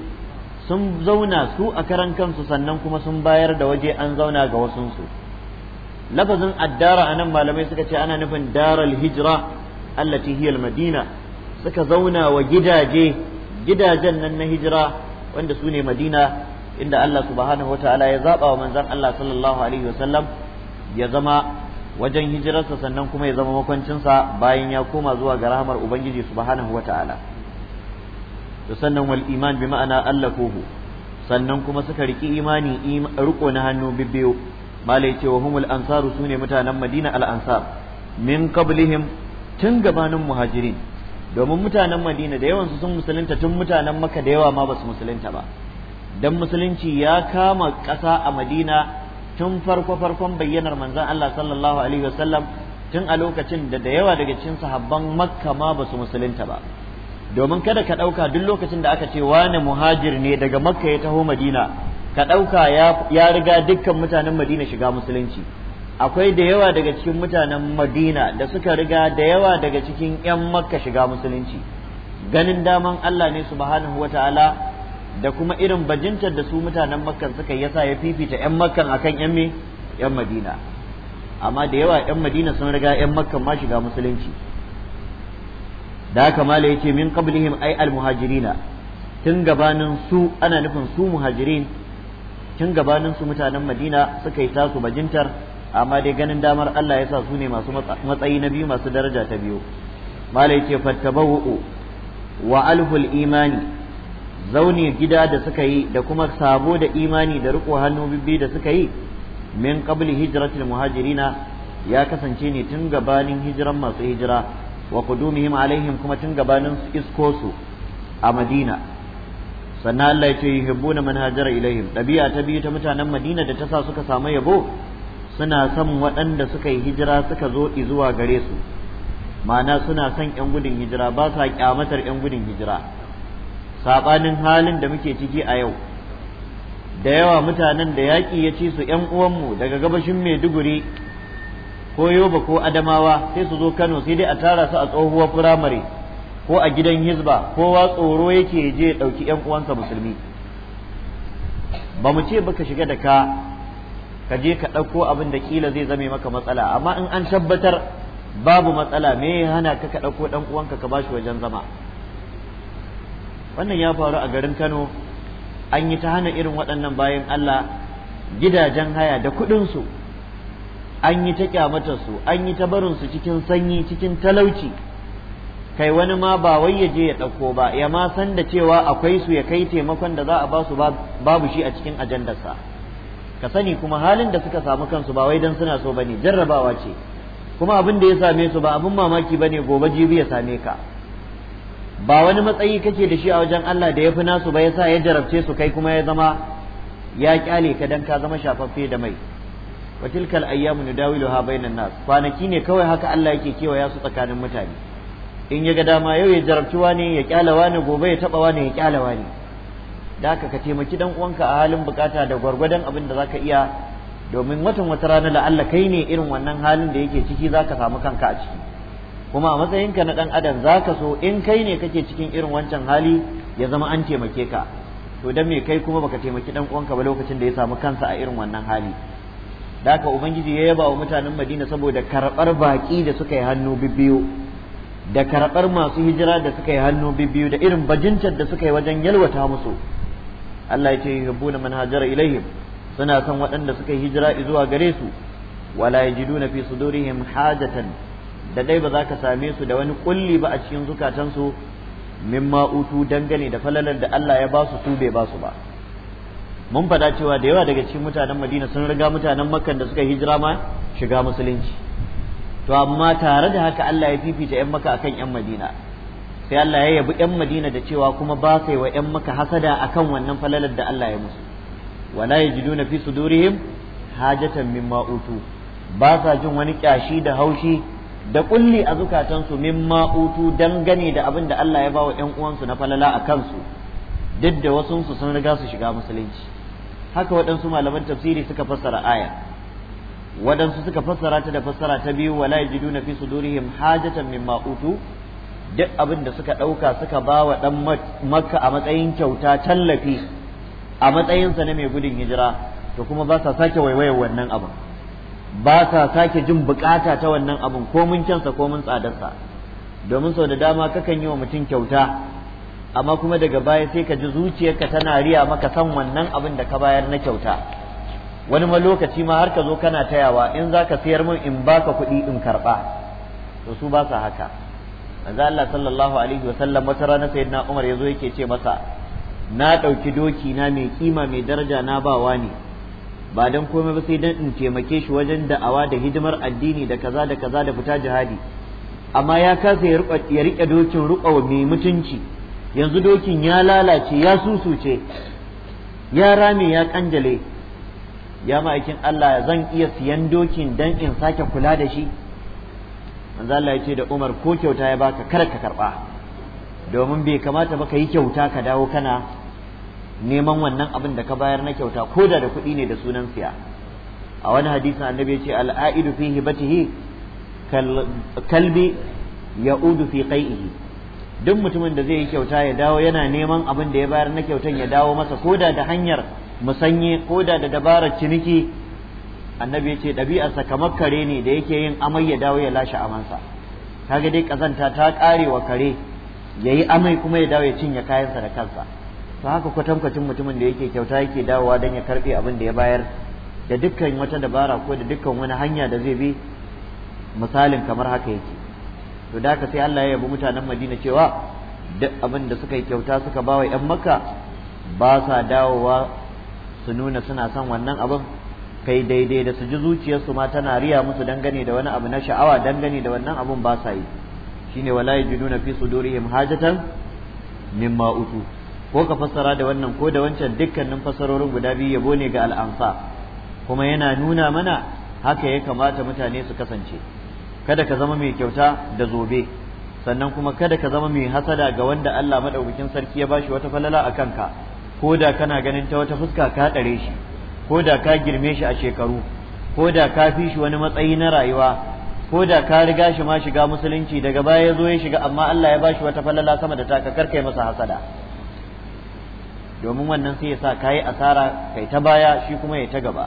sun zauna su a karan kansu sannan kuma sun bayar da waje an zauna ga wasunsu lafazin addara a nan malamai suka ce ana nufin daral hijira allati hiya madina suka zauna wa gidaje gidajen nan na hijira wanda su ne madina inda Allah subhanahu wa ta'ala ya zaba wa manzon Allah sallallahu alaihi wasallam ya zama wajen hijirarsa sannan kuma ya zama makwancinsa bayan ya koma zuwa ga rahmar ubangiji subhanahu wa ta'ala da sannan wal iman bi ma'ana kohu sannan kuma suka riki imani riko na hannu bibbiyo malai ce wa humul ansaru sune mutanen madina al ansar min qablihim tun gabanin muhajirin domin mutanen madina da yawansu sun musulunta tun mutanen maka da yawa ma basu musulunta ba dan musulunci ya kama ƙasa a madina tun farko farkon bayyanar manzon Allah sallallahu alaihi wasallam tun a lokacin da da yawa daga cikin sahabban makka ma basu musulunta ba domin kada ka ɗauka duk lokacin da aka ce wane muhajir ne daga makka ya taho madina ka ɗauka ya riga dukkan mutanen madina shiga musulunci akwai da yawa daga cikin mutanen madina da suka riga da yawa daga cikin 'yan makka shiga musulunci ganin daman allah ne subhanahu wa ta'ala da kuma irin bajintar da su mutanen makkan suka yasa ya fifita 'yan makkan akan 'yan me 'yan madina amma da yawa 'yan madina sun riga 'yan makkan ma shiga musulunci da haka mala ce min qablihim ay al muhajirina tun gabanin su ana nufin su muhajirin tun gabanin su mutanen madina suka yi tasu bajintar amma dai ganin damar Allah ya sa su ne masu matsayi na biyu masu daraja ta biyu mala yace fattabawwu wa alhul imani zauni gida da suka yi da kuma sabo da imani da riko hannu bibbi da suka yi min qabli hijratil muhajirina ya kasance ne tun gabanin hijiran masu hijira wa qudumihim alaihim kuma tun gabanin su isko su a Madina sannan Allah ya ce yuhibbuna man hajara ilaihim dabi'a ta biyu ta mutanen Madina da ta sa suka samu yabo suna son waɗanda suka yi hijira suka zo zuwa gare su ma'ana suna son 'yan gudun hijira ba sa kyamatar 'yan gudun hijira saɓanin halin da muke ciki a yau da yawa mutanen da yaƙi ya ci su 'yan uwanmu daga gabashin maiduguri ko yoba ko adamawa sai su zo kano sai dai a tara su a tsohuwar firamare ko a gidan hizba kowa tsoro yake je ya ɗauki yan uwansa musulmi ba mu ce baka shiga da ka ka je ka ɗauko abin da kila zai zame maka matsala amma in an tabbatar babu matsala me ya hana ka ka ɗauko ɗan uwanka ka bashi wajen zama wannan ya faru a garin Kano an yi ta hana irin waɗannan bayan Allah gidajen haya da kuɗinsu su an yi ta kyamata su an yi ta barin su cikin sanyi cikin talauci kai wani ma ba wai ya je ya ɗauko ba ya ma san da cewa akwai su ya kai taimakon da za a ba su babu shi a cikin ajandarsa ka sani kuma halin da suka samu kansu ba wai dan suna so bane jarrabawa ce kuma abin da ya same su ba abin mamaki bane gobe jibi ya same ka ba wani matsayi kake da shi a wajen Allah da ya fi nasu ba yasa ya jarabce su kai kuma ya zama ya kyale ka dan ka zama shafaffe da mai wa tilkal ayyamu nudawiluha bainan nas kwanaki ne kawai haka Allah yake ya su tsakanin mutane in ya ga dama yau ya jarabci wani ya kyala wani gobe ya taba wani ya kyala wani da haka ka taimaki dan uwanka a halin bukata da gwargwadon abin da zaka iya domin watan wata rana la'alla kai ne irin wannan halin da yake ciki zaka samu kanka a ciki kuma a matsayinka na dan adam zaka so in kai ne kake cikin irin wancan hali ya zama an taimake ka to dan me kai kuma baka taimaki dan uwanka ba lokacin da ya samu kansa a irin wannan hali da haka ubangiji ya yaba wa mutanen madina saboda karɓar baƙi da suka yi hannu bibbiyu da karɓar masu hijira da suka yi hannu biyu da irin bajintar da suka yi wajen yalwata musu Allah ya ce yuhibbuna man hajara ilaihim suna son waɗanda suka yi hijira zuwa gare su wala yajiduna fi sudurihim hajatan da dai ba za ka same su da wani kulli ba a cikin zukatansu mimma utu dangane da falalar da Allah ya ba su su bai ba su ba mun fada cewa da yawa daga cikin mutanen madina sun riga mutanen makkan da suka hijira ma shiga musulunci to amma tare da haka Allah ya fifita yan maka akan yan madina sai Allah ya yabi yan madina da cewa kuma ba sai wa yan maka hasada akan wannan falalar da Allah ya musu wala yajiduna fi sudurihim hajatan mimma utu ba sa jin wani kyashi da haushi da kulli a zukatansu mimma utu dangane da abin da Allah ya ba wa yan uwansu na falala a kansu duk da wasu su sun riga su shiga musulunci haka waɗansu malaman tafsiri suka fassara aya waɗansu suka fassara ta da fassara ta biyu wala na fi sudurihim hajatan mimma utu duk abin da suka ɗauka suka ba wa ɗan makka a matsayin kyauta tallafi a matsayinsa na mai gudun hijira to kuma ba sa sake waiwayar wannan abin ba sa sake jin bukata ta wannan abin ko mun kyansa ko mun tsadarsa domin sau da dama kakan yi wa mutum kyauta amma kuma daga baya sai ka ji zuciyarka tana riya maka san wannan abin da ka bayar na kyauta wani ma lokaci ma har ka zo kana tayawa in za ka sayar min in baka kuɗi in karɓa to su ba sa haka manzo Allah sallallahu alaihi wasallam wata rana sayyidina Umar yazo yake ce masa na ɗauki doki na mai kima mai daraja na bawa ne ba dan komai ba sai dan in taimake shi wajen da'awa da hidimar addini da kaza da kaza da fita jihadi amma ya kasa ya riƙe dokin ruƙawa mai mutunci yanzu dokin ya lalace ya susuce ya rame ya kanjale ya ma'aikin Allah zan iya siyan dokin dan in sake kula da shi manzo Allah ya ce da Umar ko kyauta ya baka kar ka karba domin bai kamata ba ka yi kyauta ka dawo kana neman wannan abin da ka bayar na kyauta ko da da kuɗi ne da sunan siya a wani hadisi annabi ya ce al'aidu fi hibatihi kalbi ya'udu fi qai'ihi duk mutumin da zai yi kyauta ya dawo yana neman abin da ya bayar na kyautan ya dawo masa koda da hanyar musanye koda da dabarar ciniki annabi ya ce ɗabi'arsa kamar kare ne da yake yin amai ya dawo ya lashe amansa kaga dai kazanta ta karewa wa kare ya yi amai kuma ya dawo ya cinye kayansa da kansa to haka kwatankwacin mutumin da yake kyauta yake dawowa don ya karɓe abin da ya bayar da dukkan wata dabara ko da dukkan wani hanya da zai bi misalin kamar haka yake to da ka sai Allah ya yabi mutanen Madina cewa duk abin da suka yi kyauta suka ba wa 'yan makka ba sa dawowa su nuna suna son wannan abin kai daidai da su ji zuciyarsu ma tana riya musu dangane da wani abu na sha'awa dangane da wannan abin ba sa yi shine wala yajiduna fi sudurihim hajatan mimma utu ko ka fassara da wannan ko da wancan dukkanin fassarorin guda biyu yabo ne ga al'amsa kuma yana nuna mana haka ya kamata mutane su kasance kada ka zama mai kyauta da zobe sannan kuma kada ka zama mai hasada ga wanda Allah madaukakin sarki ya bashi wata falala a kanka ko da kana ganin ta wata fuska ka ɗare shi ko da ka girme shi a shekaru ko da ka fi shi wani matsayi na rayuwa ko da ka riga shi ma shiga musulunci daga baya ya zo ya shiga amma Allah ya bashi wata falala sama da taka karkai masa hasada domin wannan sai ya sa ka asara kai ta baya shi kuma ya ta gaba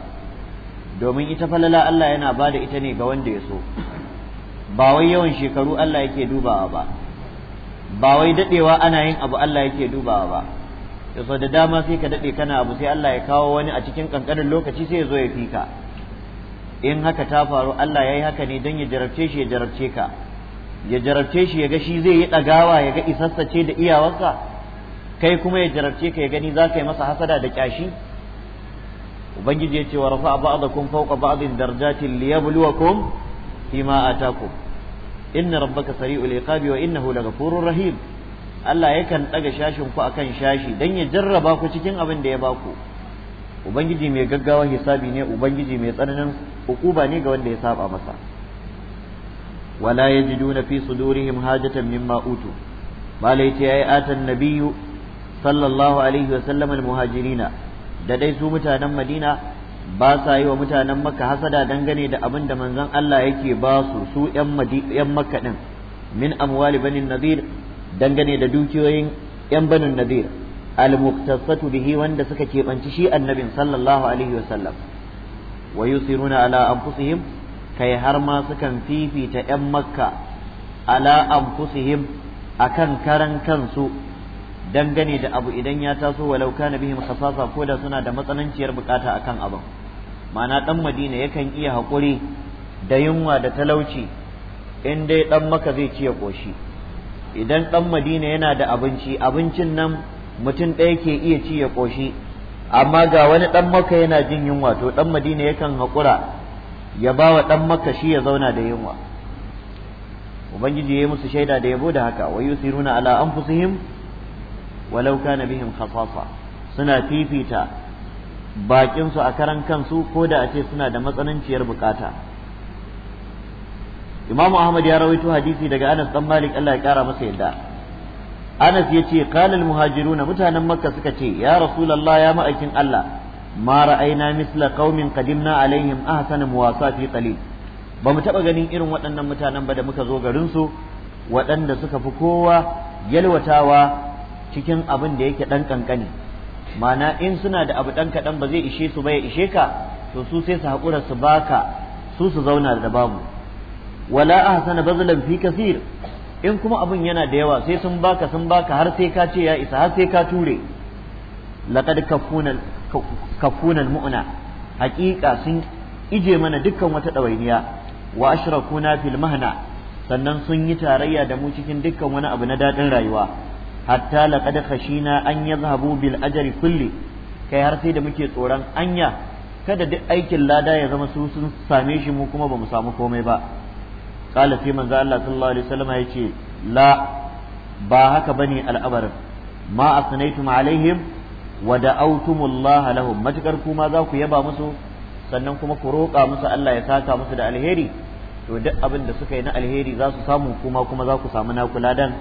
domin ita falala Allah yana bada ita ne ga wanda ya so ba wai yawan shekaru Allah yake dubawa ba ba wai dadewa ana yin abu Allah yake dubawa ba so da dama sai ka dade kana abu sai Allah ya kawo wani a cikin kankanin lokaci sai ya zo ya fika in haka ta faru Allah ya yi haka ne don ya jarabce shi ya jarabce ka ya jarabce shi ya ga shi zai yi ɗagawa ya ga isassace da iyawarsa kai kuma ya jarabce ka ya gani za ka yi masa hasada da kyashi ubangiji ya ce wa rafa'a ba'dakum fawqa ba'din darajatin liyabluwakum fima atakum inna rabbaka sari'ul iqabi wa innahu laghafurur rahim Allah yakan daga shashin ku akan shashi dan ya jarraba ku cikin abin da ya baku ubangiji mai gaggawa hisabi ne ubangiji mai tsananin hukuba ne ga wanda ya saba masa wala yajiduna fi sudurihim hajatan mimma utu balai ta yayi atan nabiyyu sallallahu alaihi wa sallam muhajirina, da dai su mutanen madina ba sa yi wa mutanen makka hasada dangane da abin da manzon Allah yake ba su su yan makka din min amwali banin nadir dangane da dukiyoyin yan banin nadir al-muqtasatu bihi wanda suka kebanci shi annabin sallallahu alaihi sallam. wa yusiruna ala anfusihim kai har ma sukan fifita yan makka ala anfusihim akan karan kansu dangane da abu idan ya taso walau kana bihim khasasa ko da suna da matsananciyar bukata akan abin ma'ana ɗan madina yakan iya haƙuri da yunwa da talauci in dai ɗan maka zai ci ya ƙoshi idan ɗan madina yana da abinci abincin nan mutum ɗaya ke iya ci ya ƙoshi amma ga wani ɗan maka yana jin yunwa to ɗan madina yakan haƙura ya ba wa ɗan maka shi ya zauna da yunwa ubangiji ya yi musu shaida da yabo da haka wayu siruna ala anfusihim walau kana bihim khasasa suna fifita baƙinsu a karan kansu ko da a ce suna da matsananciyar bukata Imam ahmad ya rawaito hadisi daga anas dan malik Allah ya kara masa yadda anas ya ce muhajiru muhajiruna mutanen makka suka ce ya rasulullah ya ma'aikin Allah ma ra'ayna misla qaumin qadimna alaihim ahsana muwasa fi qalil ba mu taɓa ganin irin waɗannan mutanen ba da muka zo garinsu waɗanda suka fi kowa yalwatawa cikin abin da yake ɗan ƙanƙani mana in suna da abu ɗan kaɗan ba zai ishe su ba ya ishe ka to su sai su haƙura su baka su su zauna da babu wala ahsana bazlan fi kasir in kuma abun yana da yawa sai sun baka sun baka har sai ka ce ya isa har sai ka ture laqad kafuna kafuna almu'na haƙiƙa sun ije mana dukkan wata ɗawainiya wa ashrakuna fil mahna sannan sun yi tarayya da mu cikin dukkan wani abu na daɗin rayuwa hatta laqad khashina an yadhhabu bil ajri kulli kai har sai da muke tsoron anya kada duk aikin lada ya zama su sun same shi mu kuma bamu samu komai ba qala sai manzo Allah sallallahu alaihi wasallam yace la ba haka bane al'abarin ma asnaytum alaihim wa da'awtumullah lahum matakar kuma za ku yaba musu sannan kuma ku roƙa musu Allah ya saka musu da alheri to duk abin da suka yi na alheri za su samu kuma kuma za ku samu naku ladan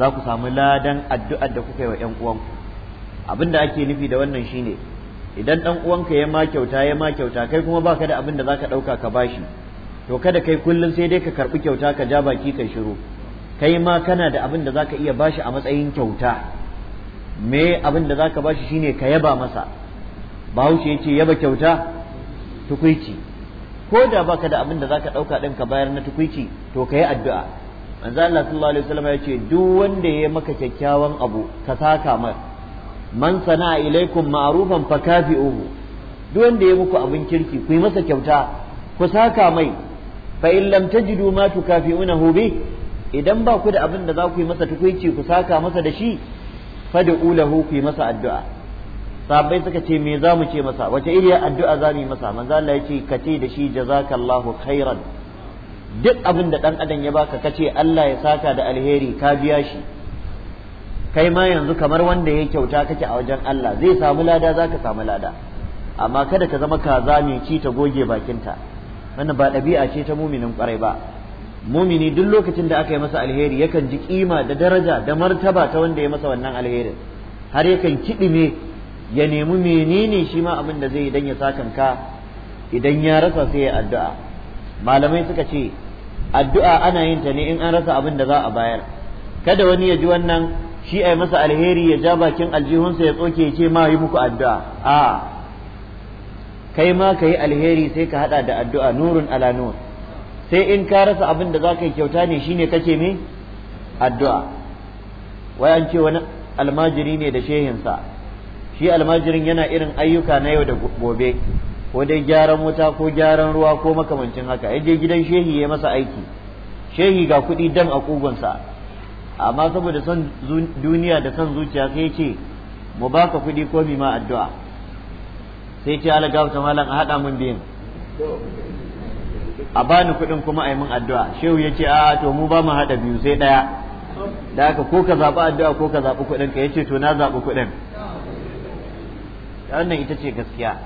za ku samu ladan addu'ar da kuka yi wa ‘yan uwanku da ake nufi da wannan shine idan ɗan uwanka ya ma kyauta ya ma kyauta kai kuma baka da abin da za ka ɗauka ka bashi to kada kai kullum sai dai ka karɓi kyauta ka ja baki kai shiru kai ma kana da abin da za ka iya bashi a matsayin kyauta me abin da za ka bashi shine ka yaba masa bahaushe ya ce yaba kyauta tukuici ko da baka da abin da za ka ɗauka ɗin ka bayar na tukuici to ka yi addu'a manzo Allah sallallahu alaihi wasallam yace duk wanda ya maka kyakkyawan abu ka saka mar man sana'a ilaikum ma'rufan fakafi'uhu duk wanda ya muku abin kirki ku yi masa kyauta ku saka mai fa in lam tajidu ma tukafi'unahu bi idan ba ku da abin da za ku yi masa tukuici ku saka masa da shi fad'u lahu ku yi masa addu'a sahabbai suka ce me za mu ce masa wace iriyar addu'a za mu yi masa manzo Allah ya ce ka ce da shi jazakallahu khairan duk abin da ɗan adam ya baka kace Allah ya saka da alheri ka biya shi kai ma yanzu kamar wanda ya kyauta kake a wajen Allah zai samu lada za ka samu lada amma kada ka zama kaza mai ci ta goge bakinta wannan ba ɗabi'a ce ta muminin kwarai ba mumini duk lokacin da aka yi masa alheri yakan ji kima da daraja da martaba ta wanda ya masa wannan alherin har yakan kiɗime ya nemi menene shi ma abin da zai yi dan ya ka idan ya rasa sai ya addu'a malamai suka ce addu'a ana yin ta ne in an rasa abin da za a bayar kada wani ya ji wannan shi ai masa alheri ya ja bakin aljihunsa ya tsoke ya ce ma yi muku addu'a a kai ma ka yi alheri sai ka hada da addu'a nurun ala nur sai in ka rasa abin da za ka yi kyauta ne shine kake me addu'a wai an ce wani almajiri ne da shehinsa shi almajirin yana irin ayyuka na yau da gobe ko dai gyaran wuta ko gyaran ruwa ko makamancin haka ya je gidan shehi ya masa aiki shehi ga kuɗi dam a ƙugunsa amma saboda son duniya da son zuciya sai ce mu baka kuɗi ko ma addu'a sai ce ala gafta malam a haɗa mun biyan
a bani kuɗin
kuma a yi mun addu'a shehu ya ce a to mu ba mu haɗa biyu sai ɗaya da haka ko ka zaɓi addu'a ko ka zaɓi kuɗin ka ya ce to na zaɓi kuɗin wannan ita ce gaskiya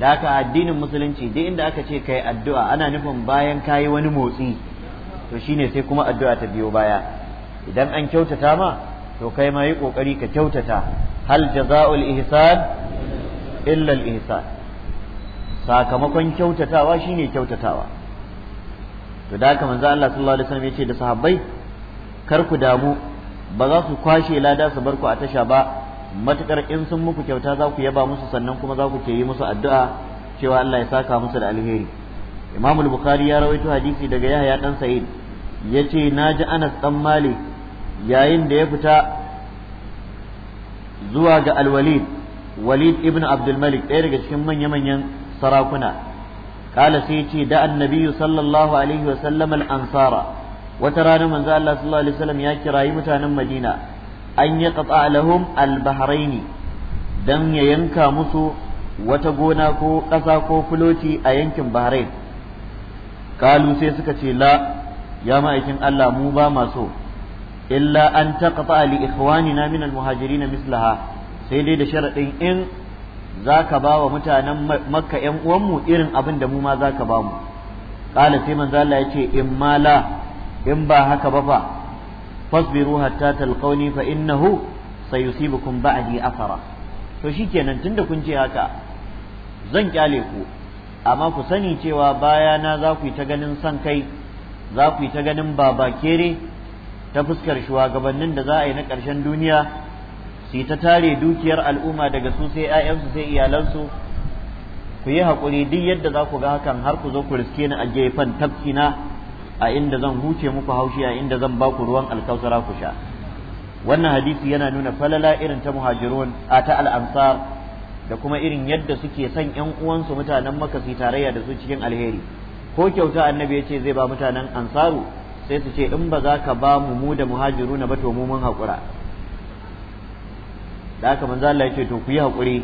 da haka addinin musulunci duk inda aka ce kai addu'a ana nufin bayan kayi wani motsi to shine sai kuma addu'a ta biyo baya idan an kyautata ma to kai ma yi kokari ka kyautata hal jaza'ul ihsan illa al ihsan sakamakon kyautatawa shine kyautatawa to da haka manzo Allah sallallahu alaihi wasallam yace da sahabbai kar ku damu ba za su kwashe lada su bar ku a tasha ba matukar in sun muku kyauta za ku yaba musu sannan kuma za ku ke yi musu addu'a cewa Allah ya saka musu da alheri Imam Bukhari ya rawaito hadisi daga Yahya dan Sa'id yace naji Anas dan Malik yayin da ya fita zuwa ga Al-Walid Walid ibn Abdul Malik ɗaya daga cikin manya manyan sarakuna kala sai yace da annabiyyu sallallahu alaihi wa sallam al wata ranar manzo Allah ya kirayi mutanen Madina an yi lahum bahraini don ya yanka musu wata gona ko ƙasa ko filoti a yankin bahrain kalu sai suka ce la ya ma'aikin allah mu ba maso illa an taqata li ikhwanina min almuhajirin mislaha sai dai da sharaɗin in za ka ba wa mutanen makka yan uwanmu irin abin da mu ma za ka ba mu ƙala sai manzo Allah ya ce in ma la in ba haka ba fa fasbiru hatta talqauni fa innahu sayusibukum ba'di afara to shikenan tunda kun ce haka zan kyale ku amma ku sani cewa bayana za ku yi ta ganin son kai za ku yi ta ganin baba kere ta fuskar shugabannin da za a yi na ƙarshen duniya su yi ta tare dukiyar al'umma daga su sai 'ya'yansu sai iyalansu ku yi haƙuri duk yadda za ku ga hakan har ku zo ku riske ni a gefen tafkina a inda zan huce muku haushi a inda zan baku ruwan alkausara ku sha wannan hadisi yana nuna falala irin ta muhajirun a ta al'ansar da kuma irin yadda suke san yan uwansu mutanen maka su tarayya da su cikin alheri ko kyauta annabi ya ce zai ba mutanen ansaru sai su ce in ba za ka ba mu mu da muhajiruna ba to mu mun haƙura da haka manzo Allah ya ce to ku yi haƙuri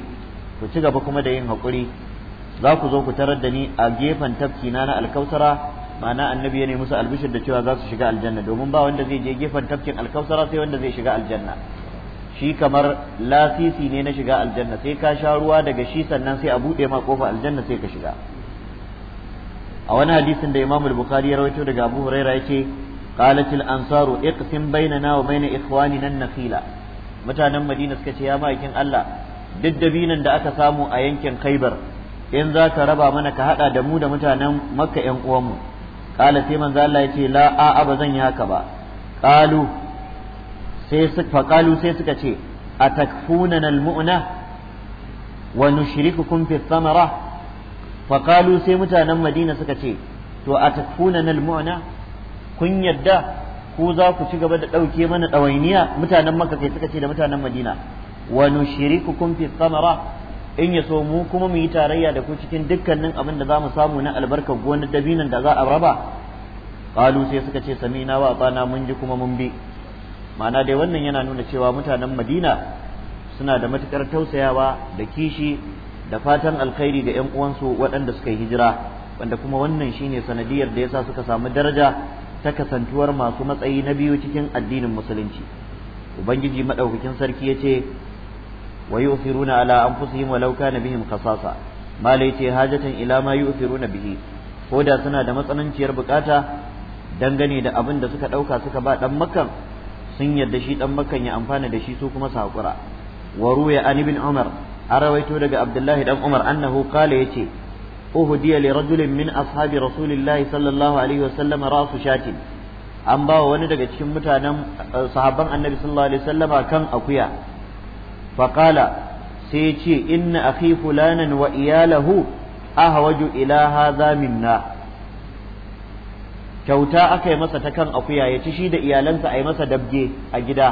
ku ci gaba kuma da yin haƙuri za ku zo ku tarar da ni a gefen tafki na na alkausara ma'ana annabi ya nemi musu albishir da cewa za su shiga aljanna domin ba wanda zai je gefen tafkin alkausara sai wanda zai shiga aljanna shi kamar lasisi ne na shiga aljanna sai ka sha ruwa daga shi sannan sai a buɗe ma kofa aljanna sai ka shiga a wani hadisin da imamul Bukhari ya rawaito daga Abu Huraira yake qalat al ansaru iqsim bainana wa bain ikhwanina an-nakhila mutanen Madina suka ce ya ma'aikin Allah duk dabinan da aka samu a yankin Khaibar in za ka raba mana ka hada da mu da mutanen Makka uwan uwanmu qala sai manzo Allah yace la a a ba zan yi haka ba qalu sai suka fa qalu sai suka ce atakfunana almu'na wa nushrifukum fi thamara fa qalu sai mutanen Madina suka ce to atakfunana almu'na kun yadda ku za ku ci gaba da ɗauke mana ɗawainiya mutanen Makka kai suka ce da mutanen Madina wa nushrifukum fi thamara in ya so mu kuma mu yi tarayya da ku cikin dukkanin abin da za mu samu na albarkar gonar dabinan da za a raba qalu sai suka ce samina wa na mun ji kuma mun bi ma'ana dai wannan yana nuna cewa mutanen madina suna da matukar tausayawa da kishi da fatan alkhairi ga 'yan uwansu waɗanda suka yi hijira wanda kuma wannan shine sanadiyar da yasa suka samu daraja ta kasantuwar masu matsayi na biyu cikin addinin musulunci ubangiji madaukakin sarki ya ce wa yu'thiruna ala anfusihim walau kana bihim khasasa malai ce hajatan ila ma yu'thiruna bihi ko suna da matsananciyar bukata dangane da abin da suka ɗauka suka ba dan makan sun yarda shi dan makan ya amfana da shi su kuma su hakura wa ruya an ibn umar arawaito daga abdullahi dan umar annahu qala yace uhdiya li rajulin min ashabi rasulillahi sallallahu alaihi wasallam rasu shatin an bawa wani daga cikin mutanen sahabban annabi sallallahu alaihi wasallama kan akuya faqala sai ya ce inna akhi fulanan wa iyalahu ahwaju ila hadha minna kyauta akai masa ta kan akuya ya ci shi da iyalansa a yi masa dabge a gida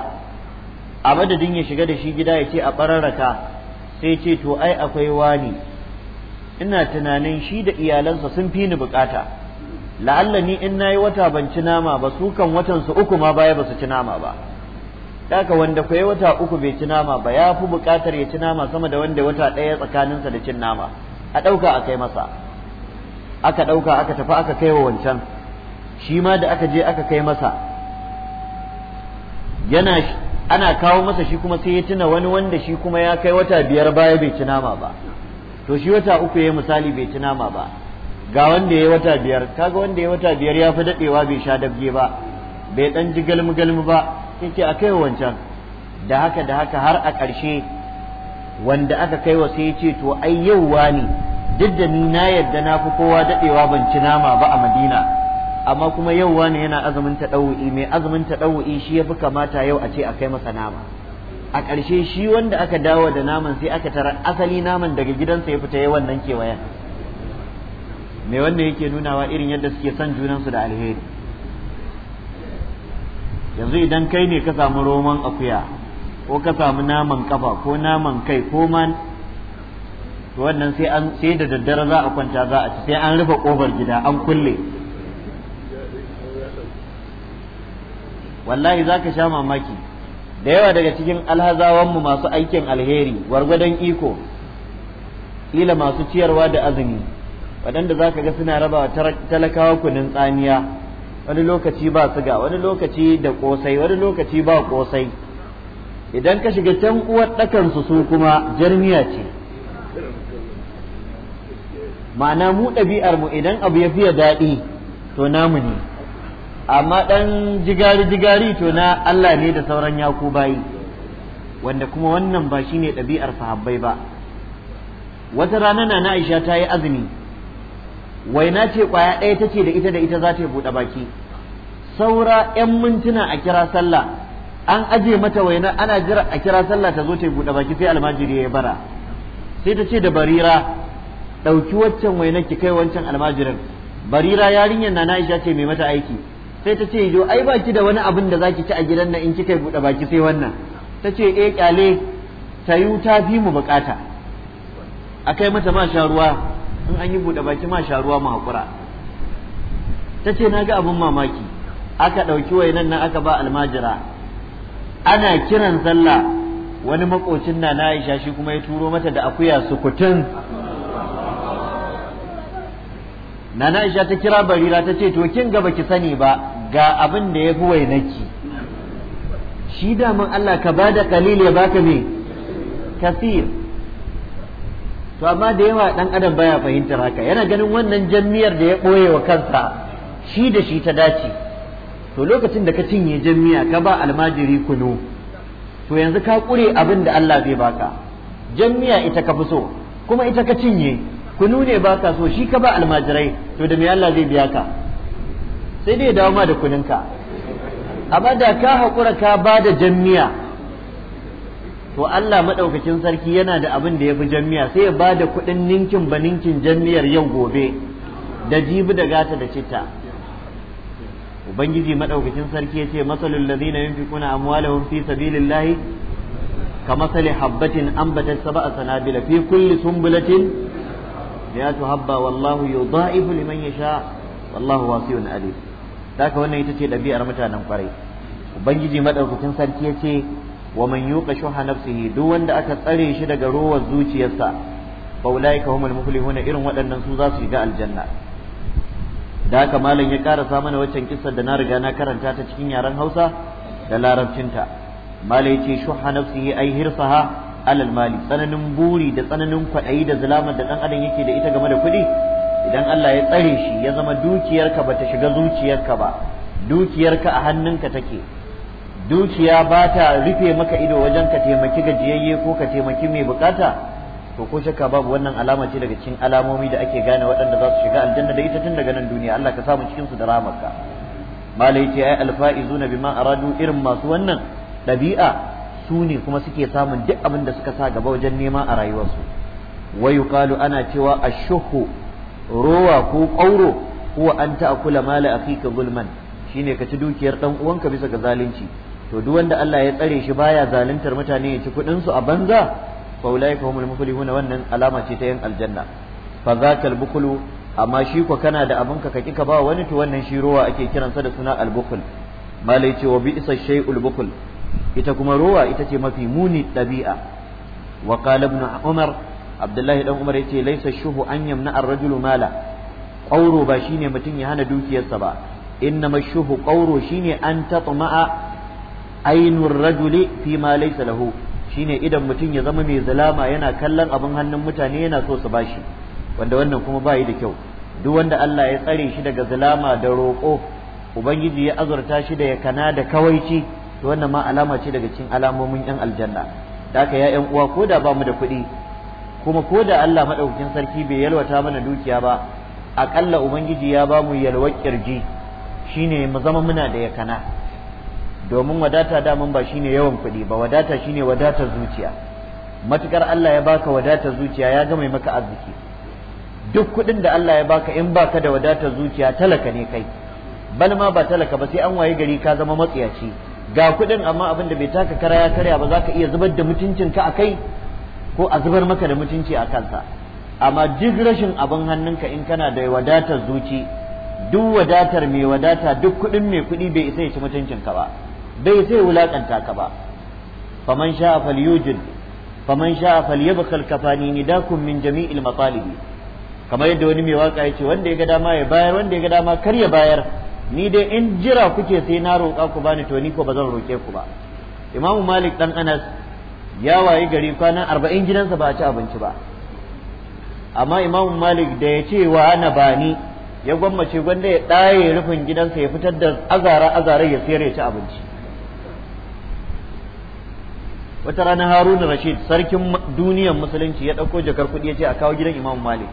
a madadin ya shiga da shi gida ya ce a bararraka sai ce to ai akwai wani ina tunanin shi da iyalansa sun fi ni bukata la'alla ni in nayi wata ban ci nama ba su kan watan su uku ma baya ba su ci nama ba haka wanda kwaye wata uku bai ci nama ba ya fi buƙatar ya ci nama sama da wanda wata ɗaya tsakaninsa da cin nama a ɗauka a kai masa aka ɗauka aka tafi aka kai wa wancan shi ma da aka je aka kai masa yana ana kawo masa shi kuma sai ya tuna wani wanda shi kuma ya kai wata biyar baya bai ci nama ba to shi wata uku ya misali bai ci nama ba ga wanda ya wata biyar kaga wanda ya wata biyar ya fi daɗewa bai sha dabge ba bai ɗan ji galmi galmi ba sai ce a kai wancan da haka da haka har a ƙarshe wanda aka kai wa sai ya ce to ai yau wani duk da ni na yadda na fi kowa daɗewa ban ci nama ba a madina amma kuma yau wani yana azumin taɗawu'i mai azumin ta ɗau'i shi ya fi kamata yau a ce a kai masa nama a ƙarshe shi wanda aka dawo da naman sai aka tara asali naman daga gidansa ya fita yawan nan kewayen mai wannan yake nunawa irin yadda suke son junansu da alheri yanzu idan kai ne ka samu roman akuya ko ka samu naman kafa ko naman kai ko man to wannan sai an sai da daddare za a kwanta za a ci sai an rufe kofar gida an kulle wallahi za ka sha mamaki da yawa daga cikin alhazawanmu masu aikin alheri gwargwadon iko kila masu ciyarwa da azumi waɗanda za ka ga suna raba talakawa kunin tsamiya wani lokaci ba siga wani lokaci da kosai wani lokaci ba kosai idan ka shiga can uwar ɗakansu su kuma jarmiya ce ma'ana mu ɗabi'ar mu idan abu ya fiye daɗi to namu ne amma ɗan jigari jigari to na Allah ne da sauran yaku bayi wanda kuma wannan ba shine ɗabi'ar sahabbai ba wata rana na Aisha ta yi azumi waina ce kwaya ɗaya take da ita da ita za ta buɗe baki saura ƴan mintuna a kira sallah an aje mata waina ana jira a kira sallah ta zo ta buɗe baki sai almajiri ya bara sai ta ce da barira ɗauki waccan waina ki kai wancan almajirin barira yarinyar na naisha ce mai mata aiki sai ta ce yo ai baki da wani abin da zaki ci a gidan na in kika buɗe baki sai wannan ta ce eh kyale tayu ta fi mu bukata akai mata ma sha ruwa in an yi buɗe baki ma sharuwa ma haƙura ta ce na ga abin mamaki aka ɗauki wainan nan aka ba almajira ana kiran sallah wani makocin na na aisha shi kuma ya turo mata da akuya sukutun na na aisha ta kira barira ta ce to kin ga baki sani ba ga abin da ya fi wainaki shi daman Allah ka ba da kalil ya baka ne kasir to amma da yawa dan adam baya fahimtar haka yana ganin wannan jammiyar da ya ɓoye wa kansa shi da shi ta dace to lokacin da ka cinye jammiya ka ba almajiri kunu to yanzu ka ƙure abin da Allah bai baka jammiya ita ka fi so kuma ita ka cinye kunu ne baka so shi ka ba almajirai to da me Allah zai biya ka sai dai ya dawo ma da kuninka amma da ka haƙura ka ba da jammiya to Allah madaukakin sarki yana da abin da ya fi jami'a sai ya ba da kuɗin ninkin ba ninkin jami'ar yau gobe da jibi da gata da citta ubangiji madaukakin sarki ya ce masalul ladina yunfikuna amwalahum fi sabilillahi ka masali habbatin ambatat sab'a sanabila fi kulli sumbulatin ya tu habba wallahu yudha'ifu liman yasha wallahu wasiun alim haka wannan ita ce dabi'ar mutanen kwarai ubangiji madaukakin sarki ya ce wa manyuƙa yuqa shuha nafsihi duk wanda aka tsare shi daga rowar zuciyarsa fa ulaika humul muflihuna irin waɗannan su za su shiga aljanna da haka malam ya karasa mana waccan kissar da na riga na karanta ta cikin yaren Hausa da larabcinta malam ce shuha nafsihi ai hirsaha alal mali tsananin buri da tsananin kwaɗayi da zulamar da ɗan adam yake da ita game da kuɗi idan Allah ya tsare shi ya zama dukiyarka bata shiga zuciyarka ba dukiyarka a hannunka take dukiya ba ta rufe maka ido wajen ka taimaki gajiyayye ko ka taimaki mai bukata to ko shakka babu wannan alama ce daga cikin alamomi da ake gane waɗanda za su shiga aljanna da ita tun daga nan duniya Allah ka samu cikin su da ramarka malai ce ai alfaizuna bima aradu irin masu wannan ɗabi'a su ne kuma suke samun duk abin da suka sa gaba wajen nema a rayuwarsu wa yuqalu ana cewa ashuhu rowa ko ƙauro huwa an ta'kula mala akhika gulman shine ka ci dukiyar dan uwanka bisa ga zalunci to duk wanda Allah ya tsare shi baya zaluntar mutane ya ci kuɗin su a banza fa ulaika humul muflihuna wannan alama ce ta yin aljanna fa zakal bukulu amma shi ko kana da abin ka kaki ka ba wani to wannan shi ruwa ake kiransa da suna albukul malai ce wa bi'sa shay'ul bukul ita kuma rowa ita ce mafi muni ɗabi'a wa qala ibn umar abdullahi dan umar yace laysa shuhu an yamna ar-rajulu mala ƙauro ba shine mutum ya hana dukiyarsa ba innama shuhu ƙauro shine an tatma'a ainur rajuli fi ma laysa lahu shine idan mutum ya zama mai zalama yana kallon abin hannun mutane yana so su bashi wanda wannan kuma bayi da kyau duk wanda Allah ya tsare shi daga zalama da roƙo ubangiji ya azurta shi da yakana da kawaici to wannan ma alama ce daga cikin alamomin yan aljanna da haka ya yan uwa ko da ba da kuɗi kuma ko da Allah madaukakin sarki bai yalwata mana dukiya ba aƙalla ubangiji ya bamu mu yalwar kirji shine mu zama muna da yakana domin wadata daman ba shine yawan kuɗi ba wadata shine wadata zuciya matukar Allah ya baka wadata zuciya ya gama maka arziki duk kuɗin da Allah ya baka in baka da wadata zuciya talaka ne kai bal ma ba talaka ba sai an waye gari ka zama matsiyaci ga kuɗin amma abin da bai taka kara ya karya ba za ka iya zubar da mutuncinka a kai ko a zubar maka da mutunci a kansa amma duk rashin abin hannunka in kana da wadatar zuci duk wadatar mai wadata duk kuɗin mai kuɗi bai isa ya ci mutuncinka ba bai sai wulakanta ka ba faman sha falyujid faman sha'a falyabkhal kafani nidakum min jami'il matalibi kamar yadda wani mai waka ya ce wanda ya ga dama ya bayar wanda ya ga dama kar ya bayar ni dai in jira kuke sai na roƙa ku bani to ni ko ba zan roƙe ku ba imamu malik dan anas ya wayi gari kwanan arba'in gidansa ba a ci abinci ba amma imamu malik da ya ce wa ana bani ya gwammace gwanda ya ɗaye rufin gidansa ya fitar da azara azara ya sayar ya ci abinci wata rana harun rashid sarkin duniyar musulunci ya ɗauko jakar kuɗi ya ce a kawo gidan imamu malik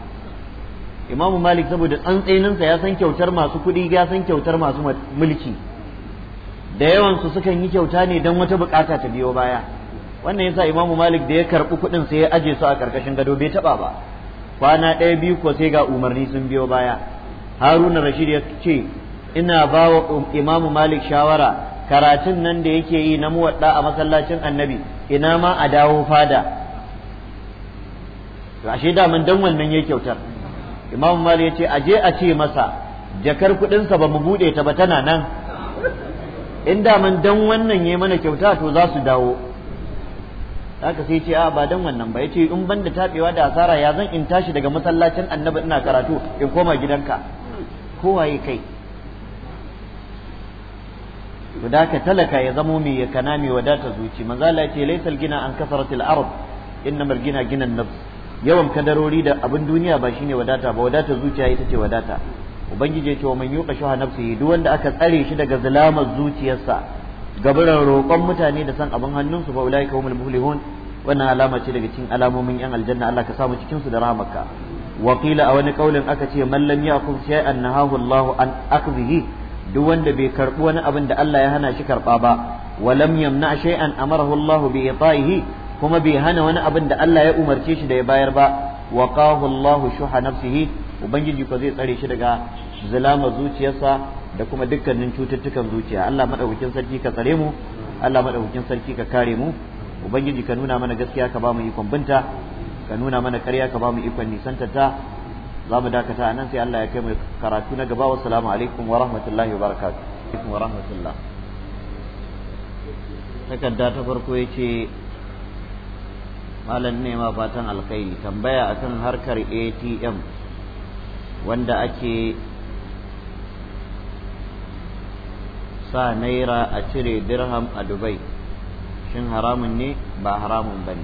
imamu malik saboda tsantsaninsa ya san kyautar masu kuɗi ya san kyautar masu mulki da yawansu sukan yi kyauta ne don wata bukata ta biyo baya wannan yasa imamu malik da ya karɓi kuɗin sai ya aje su a ƙarƙashin gado bai taɓa ba kwana ɗaya biyu ko sai ga umarni sun biyo baya haruna rashid ya ce ina bawa imamu malik shawara karatun nan da yake yi na muwadda a masallacin annabi ina ma a dawo fada ashe da mun dan wannan ya kyautar imam mali ya ce aje a ce masa jakar kudinsa ba mu bude ta ba tana nan in da mun dan wannan ya mana kyauta to za su dawo haka sai ce a ba dan wannan ba yace in banda tabewa da asara ya zan in tashi daga masallacin annabi ina karatu in koma gidanka kowaye kai to da ka talaka ya zamo mai ya kana mai wadatar zuci maza Allah ce laysal gina an kasaratil ard innamal gina ginan nafs yawan kadarori da abin duniya ba shine wadata ba wadata zuciya ita ce wadata ubangiji ya ce wa man yuqa shuha nafsihi duk wanda aka tsare shi daga zulamar zuciyarsa gaburan roƙon mutane da san abin hannunsu fa ulaika humul muflihun wannan alama ce daga cikin alamomin yan aljanna Allah ka samu cikinsu da ramaka. Wakila a wani kaulin aka ce Mallami lam ya'khudh shay'an nahahu an akhdhihi duk wanda bai karbi wani abin da Allah ya hana shi karɓa ba walam yamna shay'an amarahu Allah bi ita'ihi kuma bai hana wani abin da Allah ya umarce shi da ya bayar ba wa qahu Allah shuha nafsihi ubangiji ko zai tsare shi daga zulama zuciyarsa da kuma dukkanin cututtukan zuciya Allah madaukakin sarki ka tsare mu Allah madaukakin sarki ka kare mu ubangiji ka nuna mana gaskiya ka ba mu ikon binta ka nuna mana ƙarya ka ba mu ikon nisantata za mu dakata a nan sai Allah ya kai karatu na gaba wa salamu alaikum wa rahmatullahi wa Alaikum wa rahmatullah takarda ta farko ya ce malam nema fatan alkhairi tambaya akan harkar atm wanda ake sa naira a cire dirham a dubai shin haramun ne ba haramun ba ne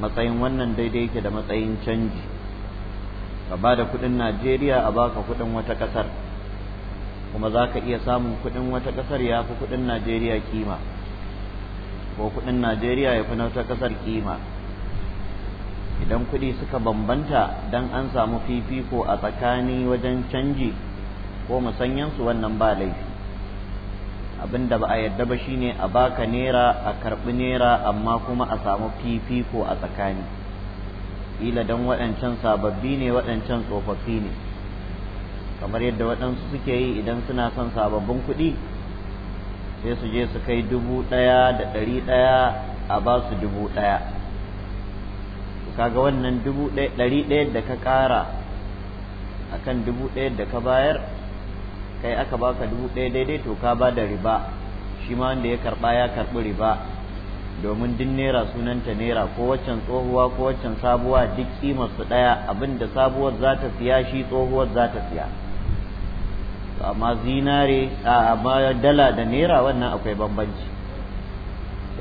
matsayin wannan daidai yake da matsayin canji ka ba da kuɗin najeriya a baka kuɗin wata ƙasar kuma za ka iya samun kuɗin wata ƙasar ya fi kuɗin najeriya kima ko kuɗin najeriya ya fi na wata kasar kima idan kuɗi suka bambanta don an samu fifiko a tsakani wajen canji ko musanyansu wannan ba laifi abinda ba a yadda ba shine a baka nera a karɓi nera amma kuma a samu fifiko a tsakani kila don waɗancan sababbi ne waɗancan tsofaffi ne kamar yadda waɗansu suke yi idan suna son sababbin kuɗi sai su je su kai dubu ɗaya da ɗari ɗaya a ba su dubu ɗaya kaga wannan dubu ɗari ɗaya da ka ƙara a kan dubu ɗaya da ka bayar kai aka baka dubu ɗaya daidai to ka ba da riba shi ma wanda ya karɓa ya karɓi riba domin duk naira sunanta naira ko waccan tsohuwa ko waccan sabuwa duk kimar su daya abinda sabuwar za ta siya shi tsohuwar za ta siya amma zinare amma dala da naira wannan akwai bambanci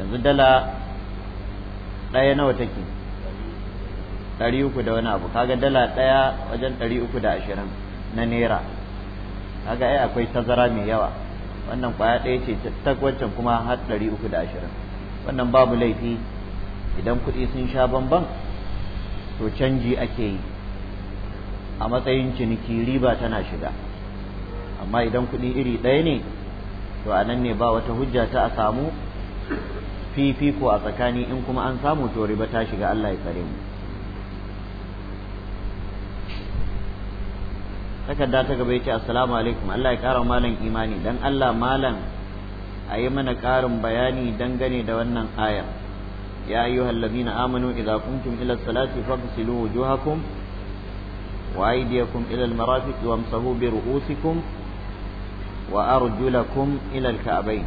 yanzu dala ɗaya nawa take ɗari uku da wani abu kaga dala ɗaya wajen ɗari uku da ashirin na naira kaga ai akwai tazara mai yawa wannan kwaya ɗaya ce ta waccan kuma har ɗari uku da ashirin wannan babu laifi idan kuɗi sun sha bamban to canji ake yi a matsayin ciniki riba tana shiga amma idan kuɗi iri ɗaya ne to a nan ne ba wata hujja ta a samu fifiko a tsakani in kuma an samu to riba ta shiga Allah ya tsare mu takarda ta gaba ya ce assalamu alaikum Allah ya kara malam imani dan Allah malam a yi mana ƙarin bayani dangane da wannan aya ya ayyuha allazina amanu idza kuntum ila salati faghsilu wujuhakum wa aydiyakum ila almarafiq wamsahu bi ru'usikum wa arjulakum ilal alka'bayn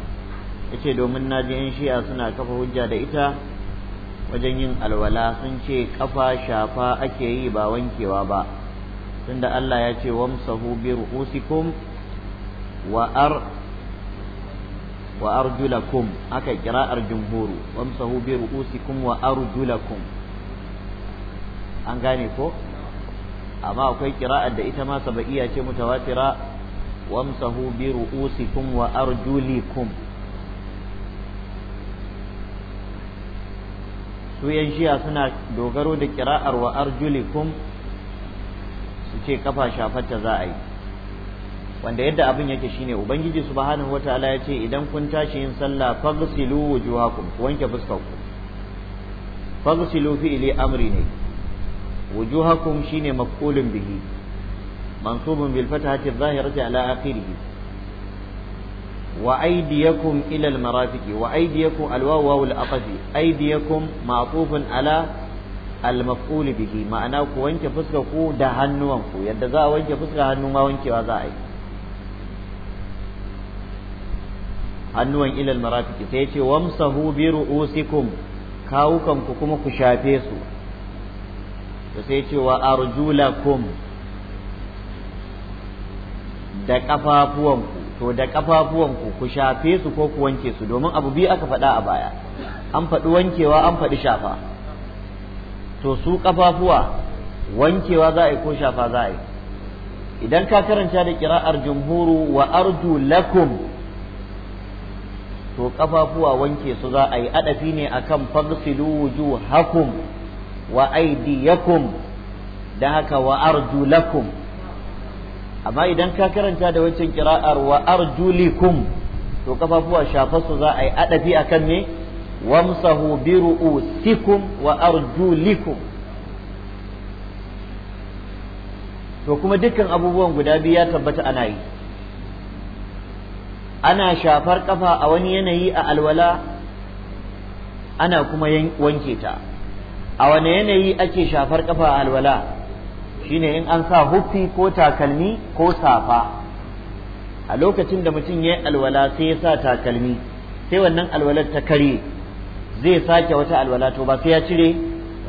yace domin na ji yan shi'a suna kafa hujja da ita wajen yin alwala sun ce kafa shafa ake yi ba wankewa ba tunda Allah ya ce wamsahu bi ru'usikum wa ar wa arjulakum aka kira'ar jumhuru wamsahu bi ru'usikum wa arjulakum an gane ko amma akwai kira'ar da ita ma saba'iya ce mutawatira wamsahu bi ru'usikum wa arjulikum su yan suna dogaro da kira'ar wa arjulikum su ce kafa shafarta za a yi wanda yadda abin yake shine ubangiji subhanahu wataala ya ce idan kun tashi yin sallah faghsilu wujuhakum ku wanke fuskarku faghsilu fi'li amri ne wujuhakum shine maf'ulun bihi mansubun bil fathati adh-dhahirati ala akhirih wa aydiyakum ila al-marafiqi wa aydiyakum al-waw waw al-aqfi aydiyakum ma'tufun ala al-maf'ul bihi ma'ana ku wanke fuskarku da hannuwanku yadda za a wanke fuska hannu ma wankewa za a yi hannuwan ilal marafiki sai ya ce wamsahu bi ru'usikum kawukan ku kuma ku shafe su to sai ce wa arjulakum da ku. to da kafafuwan ku ku shafe su ko ku wanke su domin abu biyu aka faɗa a baya an faɗi wankewa an faɗi shafa to su kafafuwa wankewa za a yi ko shafa za a yi idan ka karanta da kira'ar jumhuru wa arju lakum to kafafuwa wanke su za a yi adafi ne akan fagsilu wujuhakum wa aidiyakum da haka wa arjulakum amma idan ka karanta da wancan kira'ar wa arjulikum to kafafuwa shafar su za a yi adafi akan ne wamsahu bi ru'usikum wa arjulikum to kuma dukkan abubuwan guda biyu ya tabbata ana yi ana shafar kafa a wani yanayi a alwala ana kuma wanke ta a wani yanayi ake shafar kafa a alwala shine in an sa huffi ko takalmi ko safa a lokacin da mutum ya yi alwala sai ya sa takalmi sai wannan alwalar ta kare zai sake wata alwala to ba sai ya cire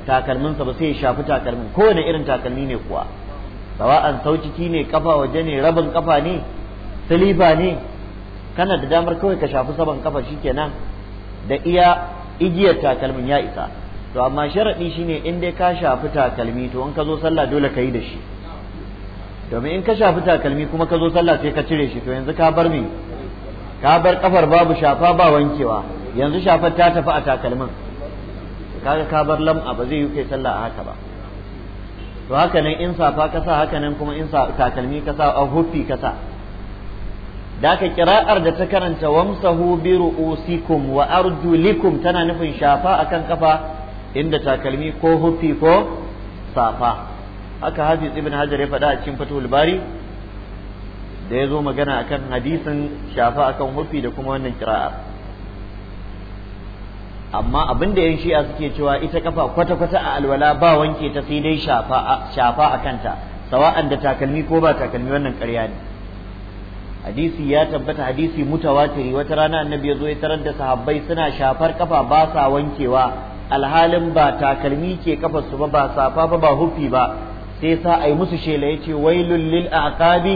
takalminsa ba sai ya shafi takalmin kowane irin takalmi ne kuwa sawa'an sauciki ne kafa waje ne rabin kafa ne silifa ne kana da damar kawai ka shafi saban kafa shikenan da iya igiyar takalmin ya isa to amma sharaɗi shine in dai ka shafi takalmi to in ka zo sallah dole ka yi da shi domin in ka shafi takalmi kuma ka zo sallah sai ka cire shi to yanzu ka bar me ka bar kafar babu shafa ba wankewa yanzu shafar ta tafi a takalmin kaga ka bar lam'a ba zai yi kai sallah a haka ba to haka nan in safa ka sa haka nan kuma in takalmi ka sa a huffi ka sa da ka kira'ar da ta karanta wamsahu bi ru'usikum wa arjulikum tana nufin shafa akan kafa inda takalmi ko hufi ko safa haka hadis ibn hajar ya faɗa a cikin fatul bari da ya zo magana akan hadisin shafa akan hufi da kuma wannan kira'ar amma abin da yanshi a suke cewa ita kafa kwata-kwata a alwala ba wanke ta sai dai shafa a kanta sawa'an da takalmi ko ba takalmi wannan ƙarya ne hadisi ya tabbata hadisi mutawatiri wata rana annabi ya zo ya tarar da sahabbai suna shafar kafa ba sa wankewa alhalin ba takalmi ke kafa su ba ba safa ba ba hufi ba sai sa ai musu shela yace wailul lil aqabi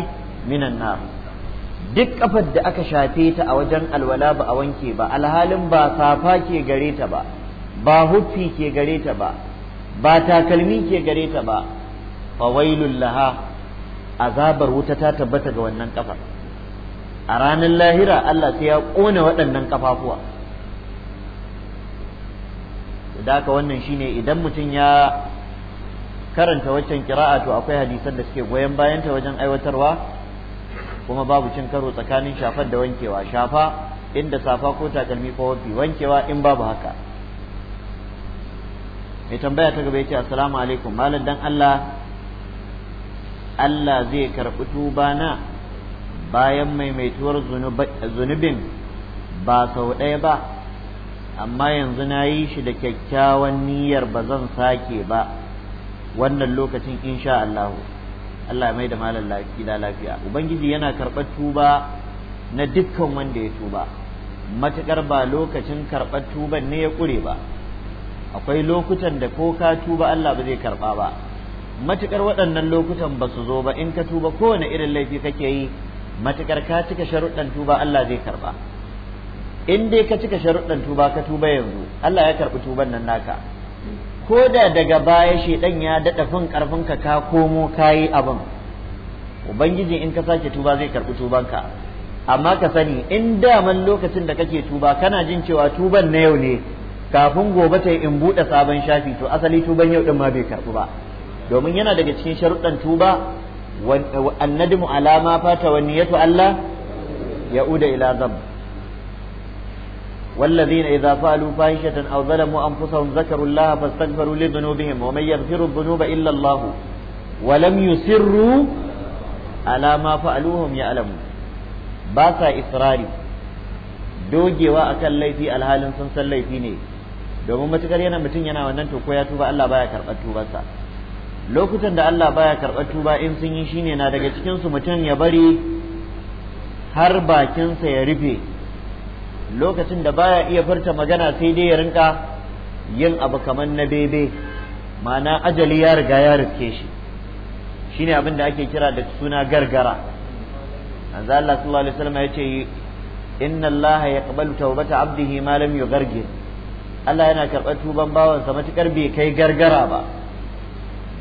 minan nar duk kafar da aka shafe ta a wajen alwala ba a wanke ba alhalin ba safa ke gare ta ba ba hufi ke gare ta ba ba takalmi ke gare ta ba fawailul laha azabar wuta ta tabbata ga wannan kafar a ranar lahira Allah sai ya ƙone waɗannan kafafuwa da haka wannan shine idan mutum ya karanta waccan kira'a to akwai hadisan da suke goyon bayanta wajen aiwatarwa kuma babu cin karo tsakanin shafar da wankewa shafa inda safa ko takalmi ko wafi wankewa in babu haka mai tambaya ta gaba yace assalamu alaikum malam dan Allah Allah zai karɓi tuba na bayan maimaituwar zunubin ba sau ɗaya ba amma yanzu na yi shi da kyakkyawan niyyar ba zan sake ba wannan lokacin insha Allah Allah mai da malam lafiya lafiya ubangiji yana karɓar tuba na dukkan wanda ya tuba matuƙar ba lokacin karɓar tuban ne ya ƙure ba akwai lokutan da ko ka tuba Allah ba zai karɓa ba matuƙar waɗannan lokutan ba su zo ba in ka tuba kowane irin laifi kake yi matukar ka cika sharuɗan tuba Allah zai karba in dai ka cika sharuɗan tuba ka tuba yanzu Allah ya karɓi tuban nan naka ko da daga baya shedan ya daɗa fin karfin ka ka komo abin ubangiji in ka sake tuba zai tuban ka amma ka sani in daman lokacin da kake tuba kana jin cewa tuban na yau ne kafin gobe ta in buɗe sabon shafi to asali tuban yau din ma bai karɓi ba domin yana daga cikin sharuɗan tuba Eh, annadmu alama fata wa niyatu Allah ya'uda ila dhab والذين إذا فعلوا فاحشة أو ظلموا أنفسهم ذكروا الله فاستغفروا لذنوبهم ومن يغفر الذنوب إلا الله ولم يسروا على ما فعلوهم يعلمون باسا إصراري dogewa akan laifi alhalin sun san laifi ne domin matukar yana mutum yana wannan to ko ya tuba Allah baya karɓar tubarsa lokutan da Allah baya karɓar tuba in sun yi shine na daga cikin su mutum ya bari har bakinsa ya rufe lokacin da baya iya furta magana sai dai ya rinka yin abu kamar na bebe ma'ana ajali ya riga ya riske shi shine abin da ake kira da suna gargara anza Allah sallallahu alaihi wasallam ya ce inna Allah yaqbalu tawbata abdihi ma lam yughargir Allah yana karɓar tuban bawansa matukar bai kai gargara ba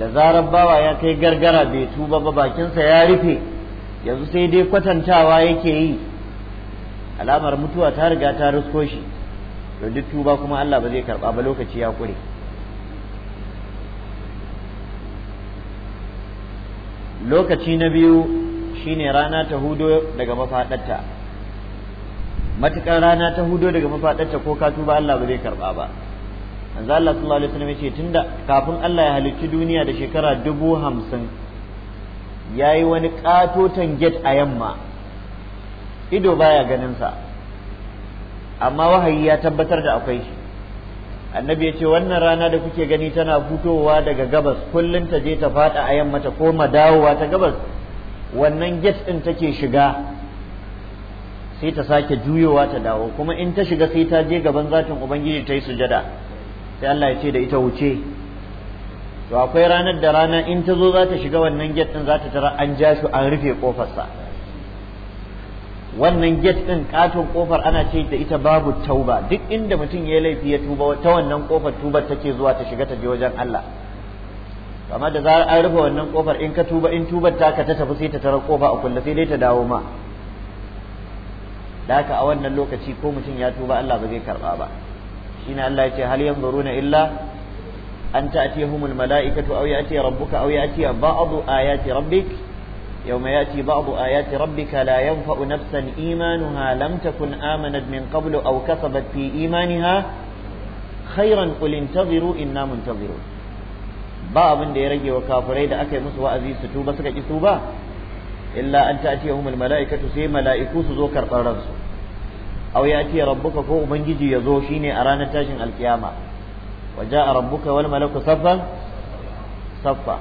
da zarar bawa ya kai gargara bai tuba ba bakinsa ya rufe yanzu sai dai kwatantawa yake yi alamar mutuwa ta riga ta rusko shi to duk tuba kuma Allah ba zai karba ba lokaci ya kure lokaci na biyu shine rana ta hudo daga mafadarta matuƙar rana ta hudo daga mafadarta ko ka tuba Allah ba zai karba ba manzo Allah sallallahu alaihi wasallam yace tunda kafin Allah ya halicci duniya da shekara dubu hamsin yayi wani katoton get a yamma ido baya ganin sa amma wahayi ya tabbatar da akwai shi annabi ya ce wannan rana da kuke gani tana fitowa daga gabas kullum ta je ta fada a yamma ta koma dawowa ta gabas wannan get din take shiga sai ta sake juyowa ta dawo kuma in ta shiga sai ta je gaban zatin ubangiji ta yi sujada sai Allah ya ce da ita wuce to akwai ranar da rana in ta zo za ta shiga wannan get din za ta tara an ja shi an rufe kofarsa wannan get din katon kofar ana ce da ita babu tauba duk inda mutum ya laifi ya tuba ta wannan kofar tubar take zuwa ta shiga ta je wajen Allah amma da zarar an rufe wannan kofar in ka tuba in tubar taka ta tafi sai ta tara kofa a kulle sai dai ta dawo ma da haka a wannan lokaci ko mutum ya tuba Allah ba zai karba ba shine Allah ya ce hal yanzuruna illa an ta'tiyahumul mala'ikatu aw ya'ti rabbuka aw ya'ti ba'du ayati rabbik يوم يأتي بعض آيات ربك لا ينفع نفسا إيمانها لم تكن آمنت من قبل أو كسبت في إيمانها خيرا قل انتظروا إنا منتظرون ba abin da ya rage wa kafirai da aka yi musu wa'azi su tuba suka ki tuba illa an ta'tiyahum al mala'ikatu sai mala'iku su zo karɓar ransu aw yati rabbuka ko ubangiji ya zo shine a ranar tashin alkiyama wa jaa rabbuka wal malaku saffan saffa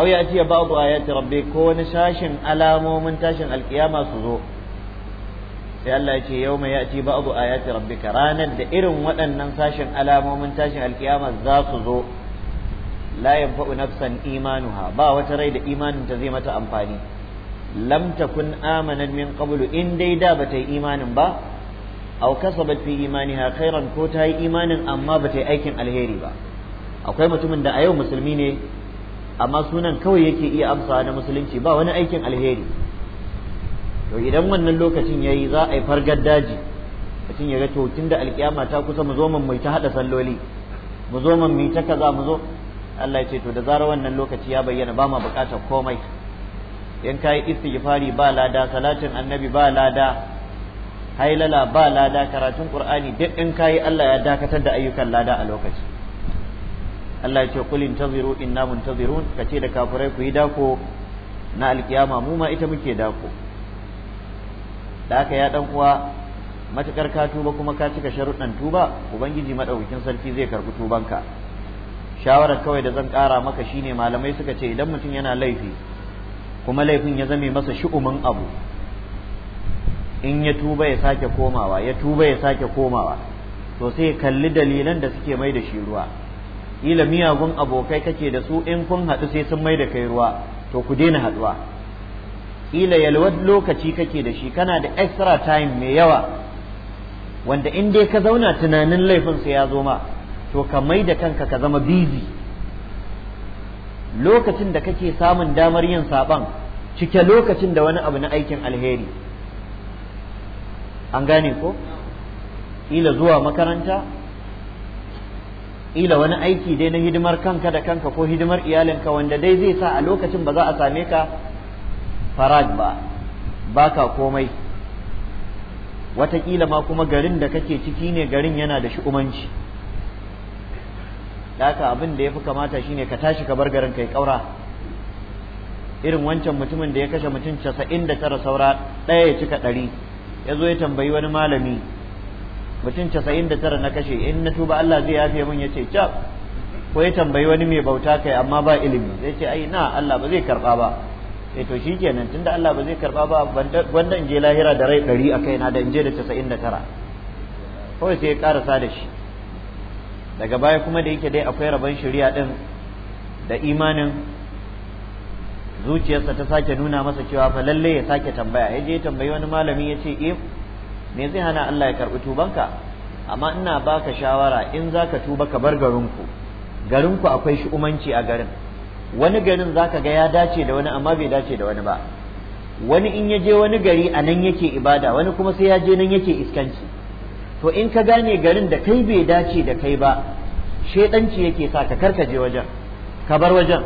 aw yati ba'du ayati rabbi ko wani sashin alamomin tashin alkiyama su zo sai Allah ya ce yauma yati ba'du ayati rabbika ranar da irin waɗannan sashin alamomin tashin alkiyama za su zo la yanfa'u nafsan ba wata rai da imanin ta zai mata amfani lam takun amanan min qablu in dai da bata yi imanin ba aw kasabat fi imaniha khairan ko ta yi imanin amma bata yi aikin alheri ba akwai mutumin da a yau musulmi ne amma sunan kawai yake iya amsa na musulunci ba wani aikin alheri to idan wannan lokacin yayi za a yi fargar daji mutum ya ga da alkiyama ta kusa mu zo mun mai ta hada salloli mu zo mun mai kaza mu zo Allah ce to da zarar wannan lokaci ya bayyana ba ma bukatar komai in kayi istighfari ba lada salatin annabi ba lada hailala ba lada karatun qur'ani duk in kayi Allah ya dakatar da ayyukan lada a lokaci Allah ya ce qul intaziru inna muntazirun kace da kafirai ku yi dako na alkiyama mu ma ita muke dako da haka ya dan kuwa matukar ka tuba kuma ka cika sharuɗan tuba ubangiji madaukakin sarki zai karɓi tubanka shawarar kawai da zan ƙara maka shine malamai suka ce idan mutum yana laifi kuma laifin ya zame masa shu'umin abu in ya tuba ya sake komawa ya tuba ya sake komawa to sai kalli dalilan da suke mai da shi ruwa ila miyagun abokai kake da su in kun haɗu sai sun mai da kai ruwa to ku daina haɗuwa ila yalwar lokaci kake da shi kana da extra time mai yawa wanda in dai ka zauna tunanin laifin sai ya zo ma to ka mai da kanka ka zama busy lokacin da kake samun damar yin saban cike lokacin da wani abu na aikin alheri an gane ko ila zuwa makaranta ila wani aiki dai na hidimar kanka da kanka ko hidimar iyalinka wanda dai zai sa a lokacin ba za a same ka faraj ba baka komai wataƙila ma kuma garin da kake ciki ne garin yana da shi'umanci da haka abin da ya fi kamata shine ka tashi ka bar garin kai kaura irin wancan mutumin da ya kashe mutum casa'in da tara saura ɗaya ya cika ɗari ya zo ya tambayi wani malami mutum casa'in da tara na kashe in na tuba Allah zai yafe min ya ce cap ko ya tambayi wani mai bauta kai amma ba ilimi zai ce ai na Allah ba zai karɓa ba e to shi kenan tunda Allah ba zai karɓa ba gwanda in je lahira da rai ɗari a kaina da in je da casa'in da tara kawai sai ya ƙarasa da shi daga baya kuma da yake dai akwai rabon shari'a din da imanin zuciyarsa ta sake nuna masa cewa fa lalle ya sake tambaya ya je tambayi wani malami ya ce eh me zai hana Allah ya karɓi tubanka amma ina baka shawara in zaka tuba ka bar garinku garinku akwai shi umanci a garin wani garin zaka ga ya dace da wani amma bai dace da wani ba wani in ya je wani gari a nan yake ibada wani kuma sai ya je nan yake iskanci to in ka gane garin da kai bai dace da kai ba shedanci yake sa ka karkaje wajen ka bar wajen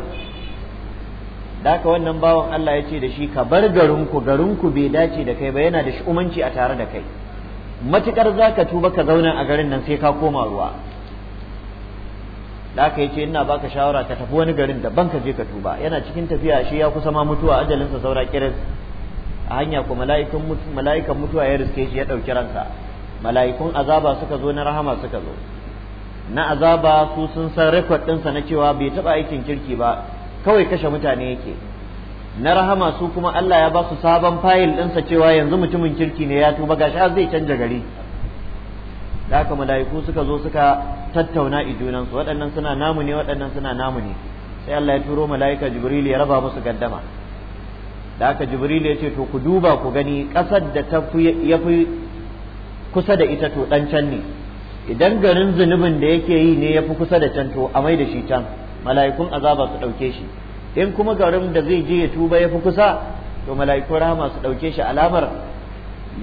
da haka wannan bawan Allah ya ce da shi ka bar garinku garinku bai dace da kai ba yana da shi'umanci a tare da kai matukar za ka tuba ka zauna a garin nan sai ka koma ruwa da haka ya ce ina baka shawara ka tafi wani garin daban ka je ka tuba yana cikin tafiya shi ya kusa ma mutuwa ajalinsa saura kiris a hanya ko mala'ikan mutuwa ya riske shi ya ɗauki ransa mala'ikun azaba suka zo na rahama suka zo na azaba su sun san rekod ɗinsa na cewa bai taɓa aikin kirki ba kawai kashe mutane yake na rahama su kuma Allah ya ba su sabon fayil ɗinsa cewa yanzu mutumin kirki ne ya tuba gashi har zai canja gari da haka mala'iku suka zo suka tattauna su waɗannan suna namu ne waɗannan suna namu ne sai Allah ya turo mala'ika Jibril ya raba musu gaddama da haka Jibril ya ce to ku duba ku gani ƙasar da ta fi kusa da ita to dan can ne idan garin zunubin da yake yi ne ya fi kusa da can to a mai da shi can mala'ikun azaba su ɗauke shi in kuma garin da zai je ya tuba ya fi kusa to mala'ikun rahama su ɗauke shi alamar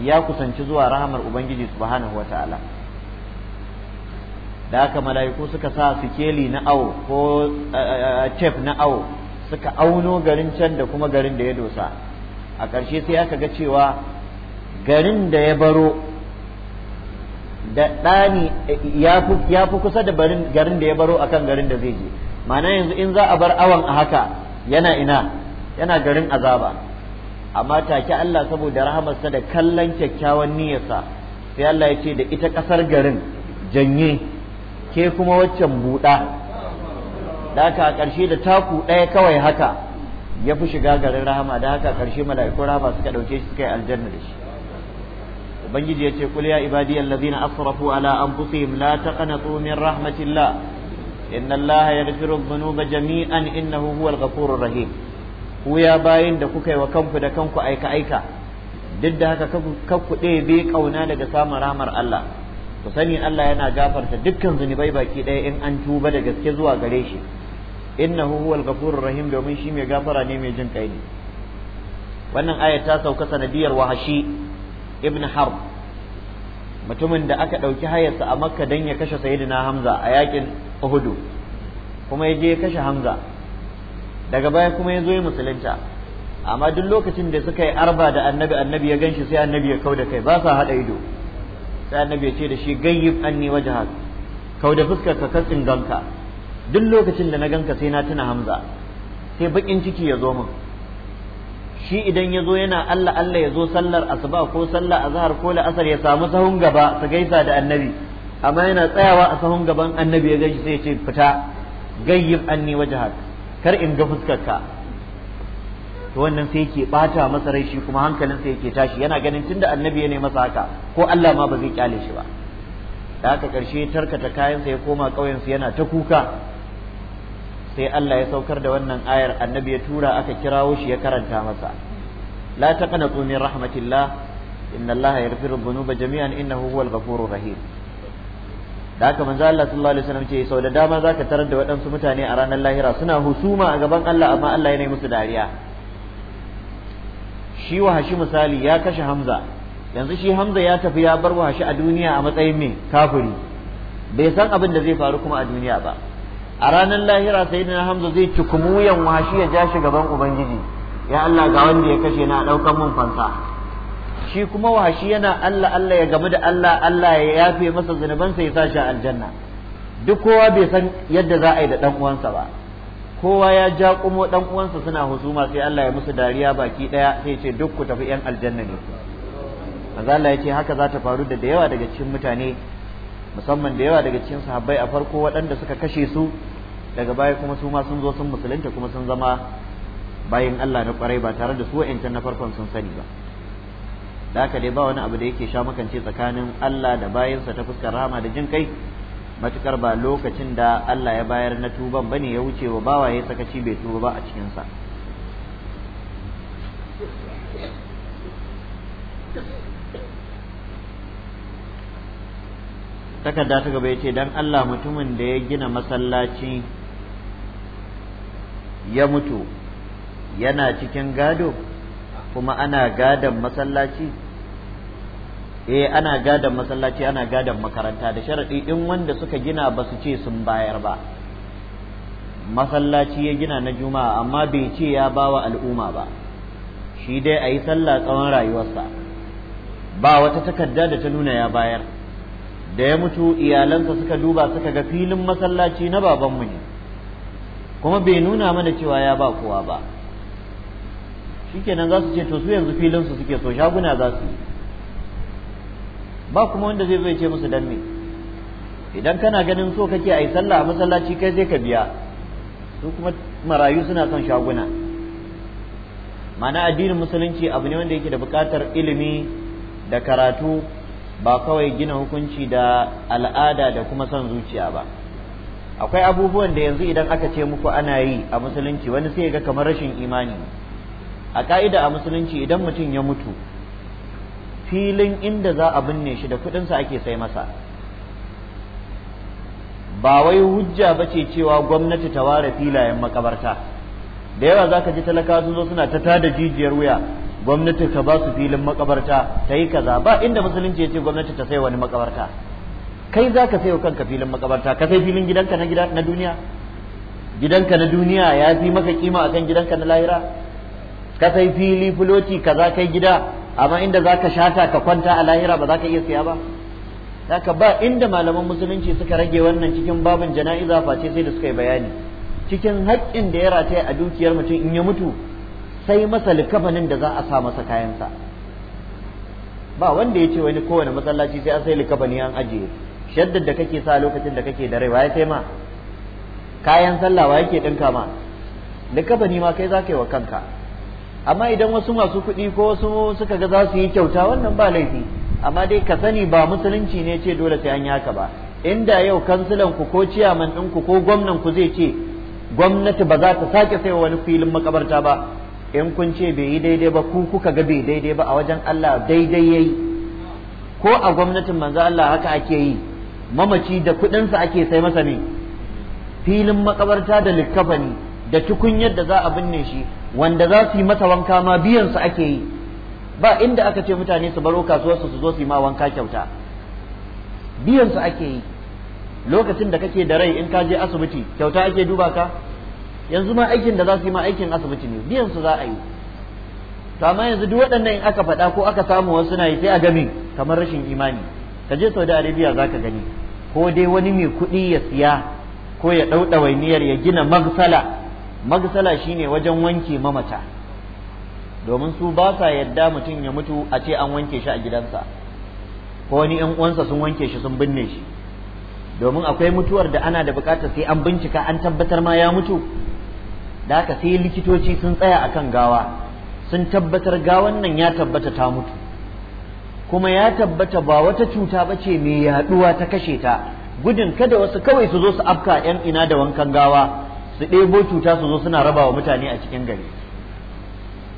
ya kusanci zuwa rahamar ubangiji subhanahu wata'ala da haka mala'iku suka sa sikeli na awo ko cef na awo suka auno garin can da kuma garin da ya dosa a ƙarshe sai aka ga cewa garin da ya baro da ɗani ya fi kusa da barin garin da ya baro akan garin da zai je ma'ana yanzu in za a bar awan a haka yana ina yana garin azaba amma take Allah saboda rahamarsa da kallon kyakkyawan niyyarsa sai Allah ya ce da ita ƙasar garin janye ke kuma waccan buɗa da haka a ƙarshe da taku ɗaya kawai haka ya fi shiga garin rahama da haka ƙarshe mala'ikun rahama suka ɗauke shi suka yi aljanna da shi ubangiji ya ce qul ya ibadiyal Afrafu asrafu ala anfusihim la taqnatu min rahmatillah inna allaha yaghfiru dhunuba jami'an innahu huwal ghafurur rahim ku ya bayin da kuka yi wa kanku da kanku aika aika duk da haka ɗaya bai kauna daga samun rahmar Allah ku sani Allah yana gafarta dukkan zunubai baki ɗaya in an tuba da gaske zuwa gare shi innahu huwal ghafurur rahim domin shi mai gafara ne mai jin kai ne wannan ayat ta sauka sanadiyar wahashi ibn harb mutumin da aka ɗauki hayarsa a makka don ya kashe sayyidina hamza a yakin uhudu kuma ya je ya kashe hamza daga baya kuma ya zo ya musulunta amma duk lokacin da suka yi arba da annabi annabi ya ganshi sai annabi ya kauda kai ba sa haɗa ido sai annabi ya ce da shi gayyib anni wajhak kauda fuskar ka kasin ganka duk lokacin da na ganka sai na tuna hamza sai bakin ciki ya zo min shi idan ya zo yana Allah Allah ya zo sallar asuba ko sallar azhar ko la'asar ya samu sahun gaba su gaisa da annabi amma yana tsayawa a sahun gaban annabi ya gaishe sai ya ce fita gayyib anni wajhak kar in ga fuskarka to wannan sai yake bata masa rai shi kuma hankalin sai yake tashi yana ganin tunda annabi ya ne masa haka ko Allah ma ba zai kyale shi ba da haka karshe tarkata kayan sa ya koma ƙauyen yana ta kuka sai Allah ya saukar da wannan ayar annabi ya tura aka kirawo shi ya karanta masa la taqnatu min rahmatillah inna Allah yaghfiru dhunuba jami'an innahu huwal ghafurur rahim da haka manzo Allah sallallahu alaihi wasallam ce sau da dama zaka tarar da waɗansu mutane a ranar lahira suna husuma a gaban Allah amma Allah yana musu dariya shi wahashi misali ya kashe Hamza yanzu shi Hamza ya tafi ya bar wahashi a duniya a matsayin mai kafiri bai san abin da zai faru kuma a duniya ba a ranar lahira sai na hamza zai ci kumuyan washi ya ja shi gaban ubangiji ya Allah ga wanda ya kashe na ɗaukan mun fansa shi kuma washi yana Allah Allah ya gamu da Allah Allah ya yafe masa zunubansa ya sa shi aljanna duk kowa bai san yadda za a yi da ɗan uwansa ba kowa ya ja kumo ɗan uwansa suna husuma sai Allah ya musu dariya baki ɗaya sai ce duk ku tafi yan aljanna ne Allah ya ce haka za ta faru da da yawa daga cikin mutane musamman da yawa daga cikin sahabbai a farko waɗanda suka kashe su daga baya kuma su ma sun zo sun musulunta kuma sun zama bayan Allah na kwarai ba tare da su wa'ancan na farkon sun sani ba da haka dai ba wani abu da yake sha makance tsakanin Allah da bayansa ta fuskar rahama da jin kai matukar ba lokacin da Allah ya bayar na tuban bane ya wuce wa bawa ya sakaci bai tuba ba a cikinsa. sa takarda ta gaba ya ce don Allah mutumin da ya gina masallaci ya mutu yana cikin gado kuma ana gadon masallaci eh ana gadon masallaci ana gadon makaranta da sharaɗi in wanda suka gina ba su ce sun bayar ba masallaci ya gina na juma'a amma bai ce ya bawa al'umma ba shi dai ayi yi sallah tsawon rayuwarsa ba wata takarda da ta nuna ya bayar da ya mutu iyalansa suka duba suka ga filin masallaci na babanmu ne kuma bai nuna mana cewa ya ba kowa ba shikenan za su ce to su yanzu filinsu suke so shaguna za su yi ba kuma wanda zai zo ya ce musu dan me idan kana ganin so kake a yi sallah a masallaci kai sai ka biya su kuma marayu suna son shaguna mana addinin musulunci abu ne wanda yake da buƙatar ilimi da karatu ba kawai gina hukunci da al'ada da kuma son zuciya ba akwai abubuwan da yanzu idan aka ce muku ana yi a musulunci wani sai ga kamar rashin imani a ka'ida a musulunci idan mutum ya mutu filin inda za a binne shi da kuɗinsa ake sai masa ba wai hujja ba ce cewa gwamnati ta ware filayen makabarta da yawa za ka ji talakawa sun zo suna ta tada jijiyar wuya gwamnati ka ba su filin makabarta ta yi kaza ba inda musulunci ya ce gwamnati ta sai wani makabarta kai za ka sayo kanka filin makabarta ka sai filin gidanka na duniya gidanka na duniya ya fi maka kima akan gidanka na lahira ka sai fili za ka yi gida amma inda za ka shata ka kwanta a lahira ba za ka iya siya ba haka ba inda malaman musulunci suka rage wannan cikin babin jana'iza face sai da suka yi bayani cikin haƙƙin da ya rataya a dukiyar mutum in ya mutu sai masa likafanin da za a sa masa kayansa ba wanda ya ce wani kowane masallaci sai an sai likafani an ajiye shaddar da kake sa lokacin da kake da rai waye sai ma kayan sallah wa yake dinka ma likafani ma kai za ka yi wa kanka amma idan wasu masu kuɗi ko wasu suka ga za su yi kyauta wannan ba laifi amma dai ka sani ba musulunci ne ce dole sai an yi haka ba inda yau kansilan ku ko ciyaman ɗinku ko gwamnan ku zai ce gwamnati ba za ta sake saiwa wani filin makabarta ba in kun ce bai yi daidai ba ku kuka ga bai daidai ba a wajen Allah daidai yayi ko a gwamnatin manzo Allah haka ake yi mamaci da sa ake sai masa ne filin makabarta da likkafani da tukunyar da za a binne shi wanda za su yi masa wanka ma biyan su ake yi ba inda aka ce mutane su baro kasuwarsu su zo su yi ma wanka kyauta biyan su ake yi lokacin da kake da rai in ka je asibiti kyauta ake duba ka yanzu ma aikin da za su yi ma aikin asibiti ne biyan su za a yi to amma yanzu duk waɗannan in aka faɗa ko aka samu wasu na yi sai a gami kamar rashin imani ka je Saudi Arabia za ka gani ko dai wani mai kuɗi ya siya ko ya ɗauɗa wainiyar ya gina magsala magsala shine wajen wanke mamata domin su ba sa yadda mutum ya mutu a ce an wanke shi a gidansa ko wani ƴan uwansa sun wanke shi sun binne shi domin akwai mutuwar da ana da bukatar sai an bincika an tabbatar ma ya mutu da haka sai likitoci sun tsaya a kan gawa sun tabbatar gawan nan ya tabbata ta mutu kuma ya tabbata ba wata cuta ba ce mai yaduwa ta kashe ta gudun kada wasu kawai su zo su afka yan ina da wankan gawa su ɗebo cuta su zo suna rabawa mutane a cikin gari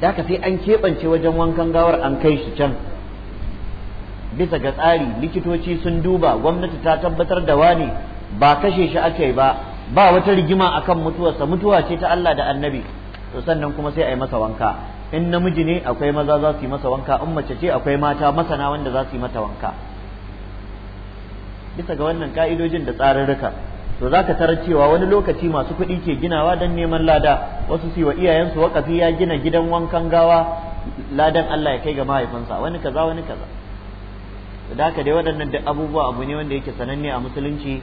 da haka sai an keɓance wajen wankan gawar an kai shi can bisa ga tsari likitoci sun duba gwamnati ta tabbatar da wani ba kashe shi aka ba ba wata rigima akan mutuwarsa mutuwa ce ta Allah da annabi to sannan kuma sai a yi masa wanka in namiji ne akwai maza za su yi masa wanka in mace ce akwai mata masana wanda za su yi mata wanka bisa ga wannan ka'idojin da tsarurruka to za ka tarar cewa wani lokaci masu kuɗi ke ginawa don neman lada wasu su yi wa iyayensu wakafi ya gina gidan wankan gawa ladan Allah ya kai ga mahaifinsa wani kaza wani kaza da haka dai waɗannan duk abubuwa abu ne wanda yake sananne a musulunci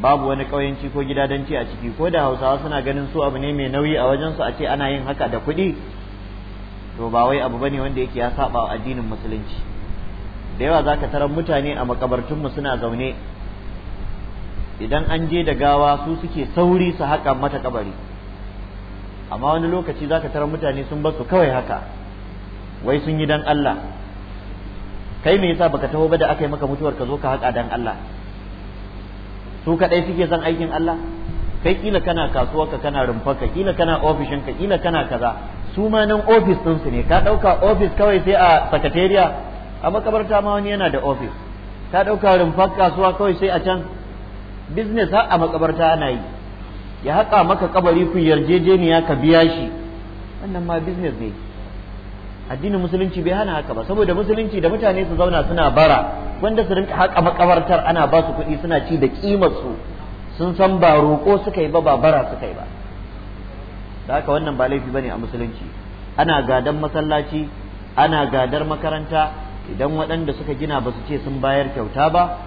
babu wani ƙauyenci ko gidadanci a ciki ko da hausawa suna ganin su abu ne mai nauyi a wajensu a ce ana yin haka da kuɗi to ba wai abu bane wanda yake ya saba addinin musulunci da yawa zaka tarar mutane a makabartunmu suna zaune idan an je da gawa su suke sauri su haka mata kabari amma wani lokaci zaka tarar mutane sun basu kawai haka wai sun yi dan Allah kai me yasa baka taho ba da aka yi maka mutuwar ka zo ka haka dan Allah su kaɗai suke son aikin Allah kai kila kana kasuwa ka kana rumfa ka, kila kana ofishin ka kila kana kaza su ma nan ofis ɗinsu su ne ka ɗauka ofis kawai sai a sakatariya a makabarta ma wani yana da ofis ka ɗauka rumfa kasuwa kawai sai a can business har a makabarta ana yi ya haƙa maka kabari ku yarjejeniya ka biya shi wannan ma business ne addinin musulunci bai hana haka ba saboda musulunci da mutane su zauna suna bara wanda su rinka haka makabartar ana ba su kuɗi suna ci da kimar su sun san ba roƙo suka yi ba ba bara suka yi ba da haka wannan ba laifi bane a musulunci ana gadan masallaci ana gadar makaranta idan waɗanda suka gina ba su ce sun bayar kyauta ba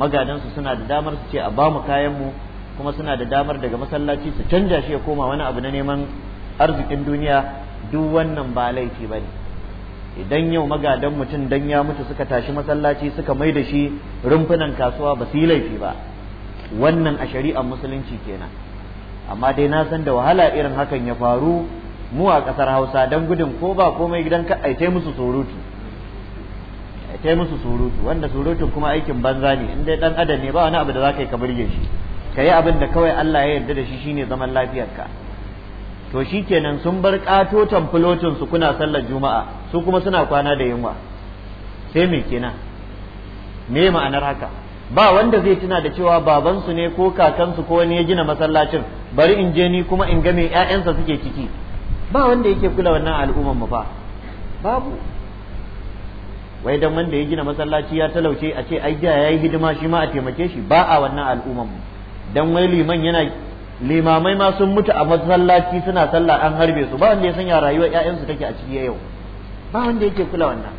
magadansu suna da damar su ce a ba mu kayan mu kuma suna da damar daga masallaci su canja shi ya koma wani abu na neman arzikin duniya duk wannan ba laifi bane idan yau magadan mutum dan ya mutu suka tashi masallaci suka mai da shi rumfunan kasuwa ba su yi laifi ba wannan a shari'ar musulunci kenan amma dai na san da wahala irin hakan ya faru mu a ƙasar hausa don gudun ko ba komai gidan ka aitai musu surutu aitai musu surutu wanda surutun kuma aikin banza ne in dai dan adam ne ba wani abu da za ka yi ka burge shi ka yi abin da kawai Allah ya yarda da shi shine zaman lafiyarka to shi kenan sun bar katotan fulotin su kuna sallar juma'a su kuma suna kwana da yunwa sai me kenan me ma'anar haka ba wanda zai tuna da cewa babansu ne ko kakansu ko wani ya gina masallacin bari in je ni kuma in ga me ƴaƴansa suke ciki ba wanda yake kula wannan al'umman mu ba babu wai dan wanda ya gina masallaci ya talauce a ce ai da yayi hidima shi ma a taimake shi ba a wannan al'umman mu dan wai liman yana limamai ma sun mutu a masallaci suna sallah an harbe su ba wanda ya sanya rayuwar ƴaƴansu take a ciki yau ba wanda yake kula wannan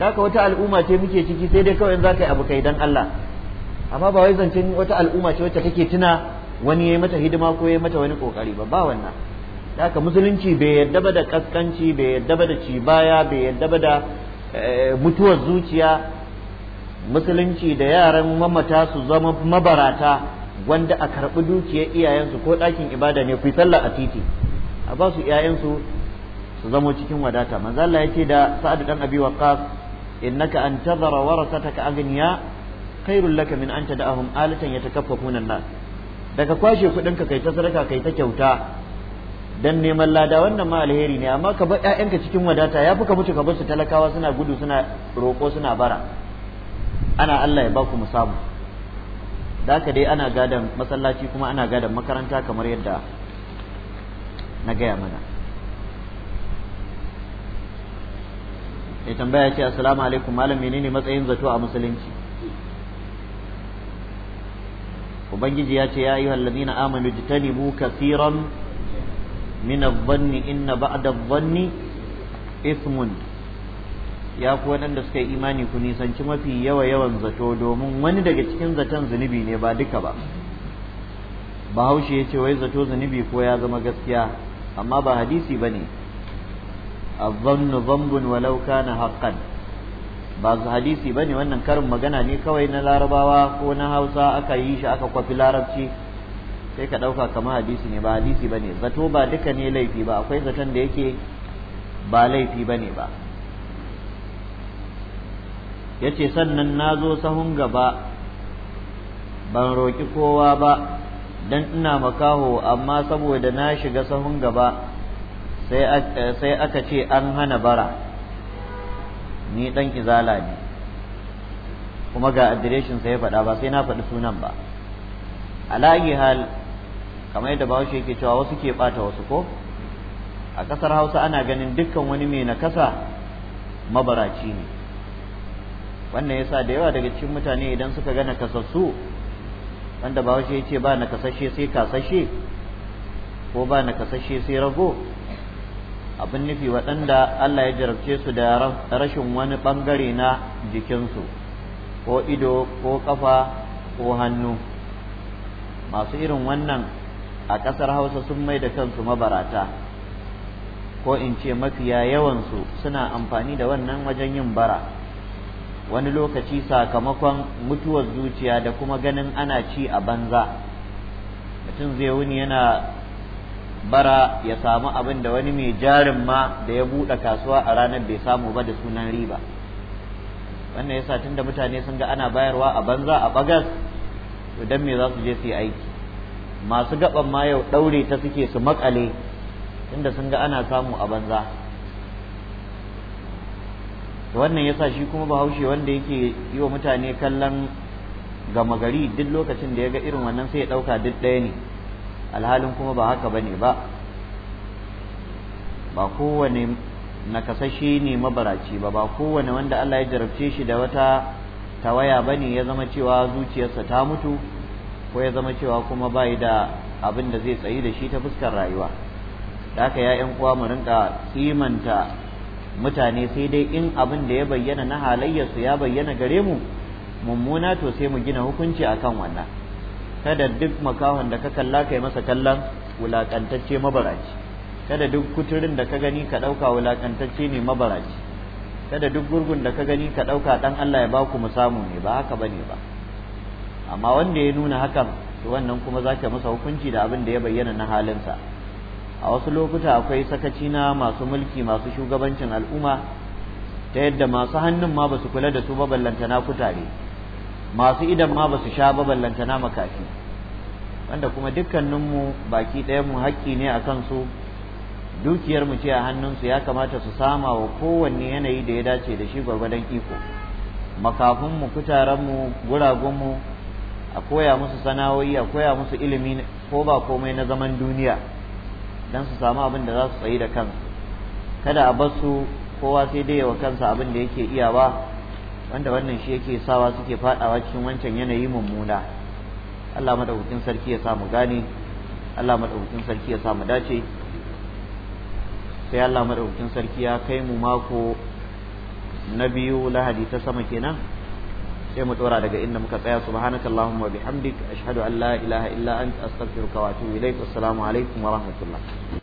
haka wata al'umma ce muke ciki sai dai kawai za ka yi abu kai dan Allah amma ba wai zancen wata al'umma ce wacce take tuna wani ya yi mata hidima ko ya yi mata wani kokari ba ba wannan haka musulunci bai yadda ba da kaskanci bai yadda ba da cibaya bai yadda ba da eh, mutuwar zuciya musulunci da yaran mamata su zama mabarata wanda a karɓi dukiyar iyayensu ko ɗakin ibada ne ku yi sallah a titi a ba su iyayensu su zamo cikin wadata manzo Allah ce da Sa'ad dan Abi Waqqas innaka an tadhara warasataka aghniya khairul laka min an tad'ahum alatan yatakaffafuna an-nas daga kwashe kuɗin ka kai ta sadaka kai ta kyauta dan neman lada wannan ma alheri ne amma ka bar ƴaƴanka cikin wadata yafi ka mutu ka bar su talakawa suna gudu suna roko suna bara ana Allah ya baku mu samu da haka dai ana gadon masallaci kuma ana gadon makaranta kamar yadda na gaya mana ya tambaya ce assalamu alaikum malam menene matsayin zato a musulunci ubangiji ya ce ya yi hallazina amanu jitanibu kasiran min adh-dhanni inna ba'da adh ismun ya nan da suka yi imani ku nisanci mafi yawa yawan zato domin wani daga cikin zaton zunubi ne ba duka ba bahaushe ya ce wai zato zunubi ko ya zama gaskiya amma ba hadisi ba ne azzannu zambun walau kana haqqan ba hadisi ba ne wannan karin magana ne kawai na larabawa ko na hausa aka yi shi aka kwafi larabci sai ka ɗauka kamar hadisi ne ba hadisi ba ne zato ba duka ne laifi ba akwai zaton da yake ba laifi ba ne ba yace sannan na zo sahun gaba ban roƙi kowa ba dan ina makaho amma saboda na shiga sahun gaba sai aka ce an hana bara ni dan izala ne kuma ga adireshin sai ya faɗa ba sai na faɗi sunan ba alayi hal kamar yadda bahaushe yake cewa wasu ke ɓata wasu ko a ƙasar hausa ana ganin dukkan wani mai nakasa mabaraci ne wannan yasa da yawa daga cikin mutane idan suka ga kasassu wanda bahaushe ya ce ba na kasashe sai kasashe ko ba na kasashe sai rago abin nufi waɗanda Allah ya jarabce su da rashin wani bangare na jikinsu ko ido ko ƙafa ko hannu masu irin wannan a ƙasar hausa sun mai da kansu mabarata ko in ce mafiya yawansu suna amfani da wannan wajen yin bara wani lokaci sakamakon mutuwar zuciya da kuma ganin ana ci a banza mutum zai wuni yana bara ya samu abin da wani mai jarin ma da ya buɗe kasuwa a ranar bai samu ba da sunan riba wannan yasa tun da mutane sun ga ana bayarwa a banza a bagas to dan me za su je su yi aiki masu gaban ma yau ɗaure ta suke su makale tunda sun ga ana samu a banza wannan yasa shi kuma bahaushe wanda yake yi wa mutane kallon gama gari duk lokacin da ya ga irin wannan sai ya ɗauka duk ɗaya ne alhalin kuma ba haka bane ba ba kowane nakasashe ne mabaraci ba ba kowane wanda Allah ya jarabce shi da wata tawaya bane ya zama cewa zuciyarsa ta mutu ko ya zama cewa kuma bai da abin da zai tsayi da shi ta fuskar rayuwa da haka ya yan uwa mu rinka kimanta mutane sai dai in abin da ya bayyana na halayyarsu ya bayyana gare mu mummuna to sai mu gina hukunci akan wannan kada duk makahon da ka kalla ka kai masa kallon wulaƙantacce mabaraci kada duk kuturin da ka gani ka ɗauka wulaƙantacce ne mabaraci kada duk gurgun da ka gani ka ɗauka ɗan Allah ya baku mu samu ne ba haka bane ba amma wanda ya nuna hakan to wannan kuma zaka masa hukunci da abin da ya bayyana na halinsa a wasu lokuta akwai sakaci na masu mulki masu shugabancin al'umma ta yadda masu hannun ma basu kula da su ba na kutare masu idan ma basu sha ba na makafi wanda kuma dukkaninmu baki mu haƙƙi ne a kansu dukiyar mu ce a hannunsu ya kamata su sama wa kowanne yanayi da ya dace da shi gwargwadon iko makafinmu kutarenmu guragunmu a koya musu sana'o'i a koya musu ilimi ko ba komai na zaman duniya don su samu abin da za su tsayi da kansu kada a basu kowa sai dai wa kansa abin da yake iya ba wanda wannan shi yake sawa suke fadawa cikin wancan yanayi mummuna Allah madaukakin sarki ya samu gane Allah madaukakin sarki ya samu dace sai Allah madaukakin sarki ya kai mu mako na biyu lahadi ta sama kenan sai mu dora daga inda muka tsaya subhanaka allahumma bihamdik ashhadu an la ilaha illa anta astaghfiruka wa atubu ilaik assalamu alaikum wa rahmatullah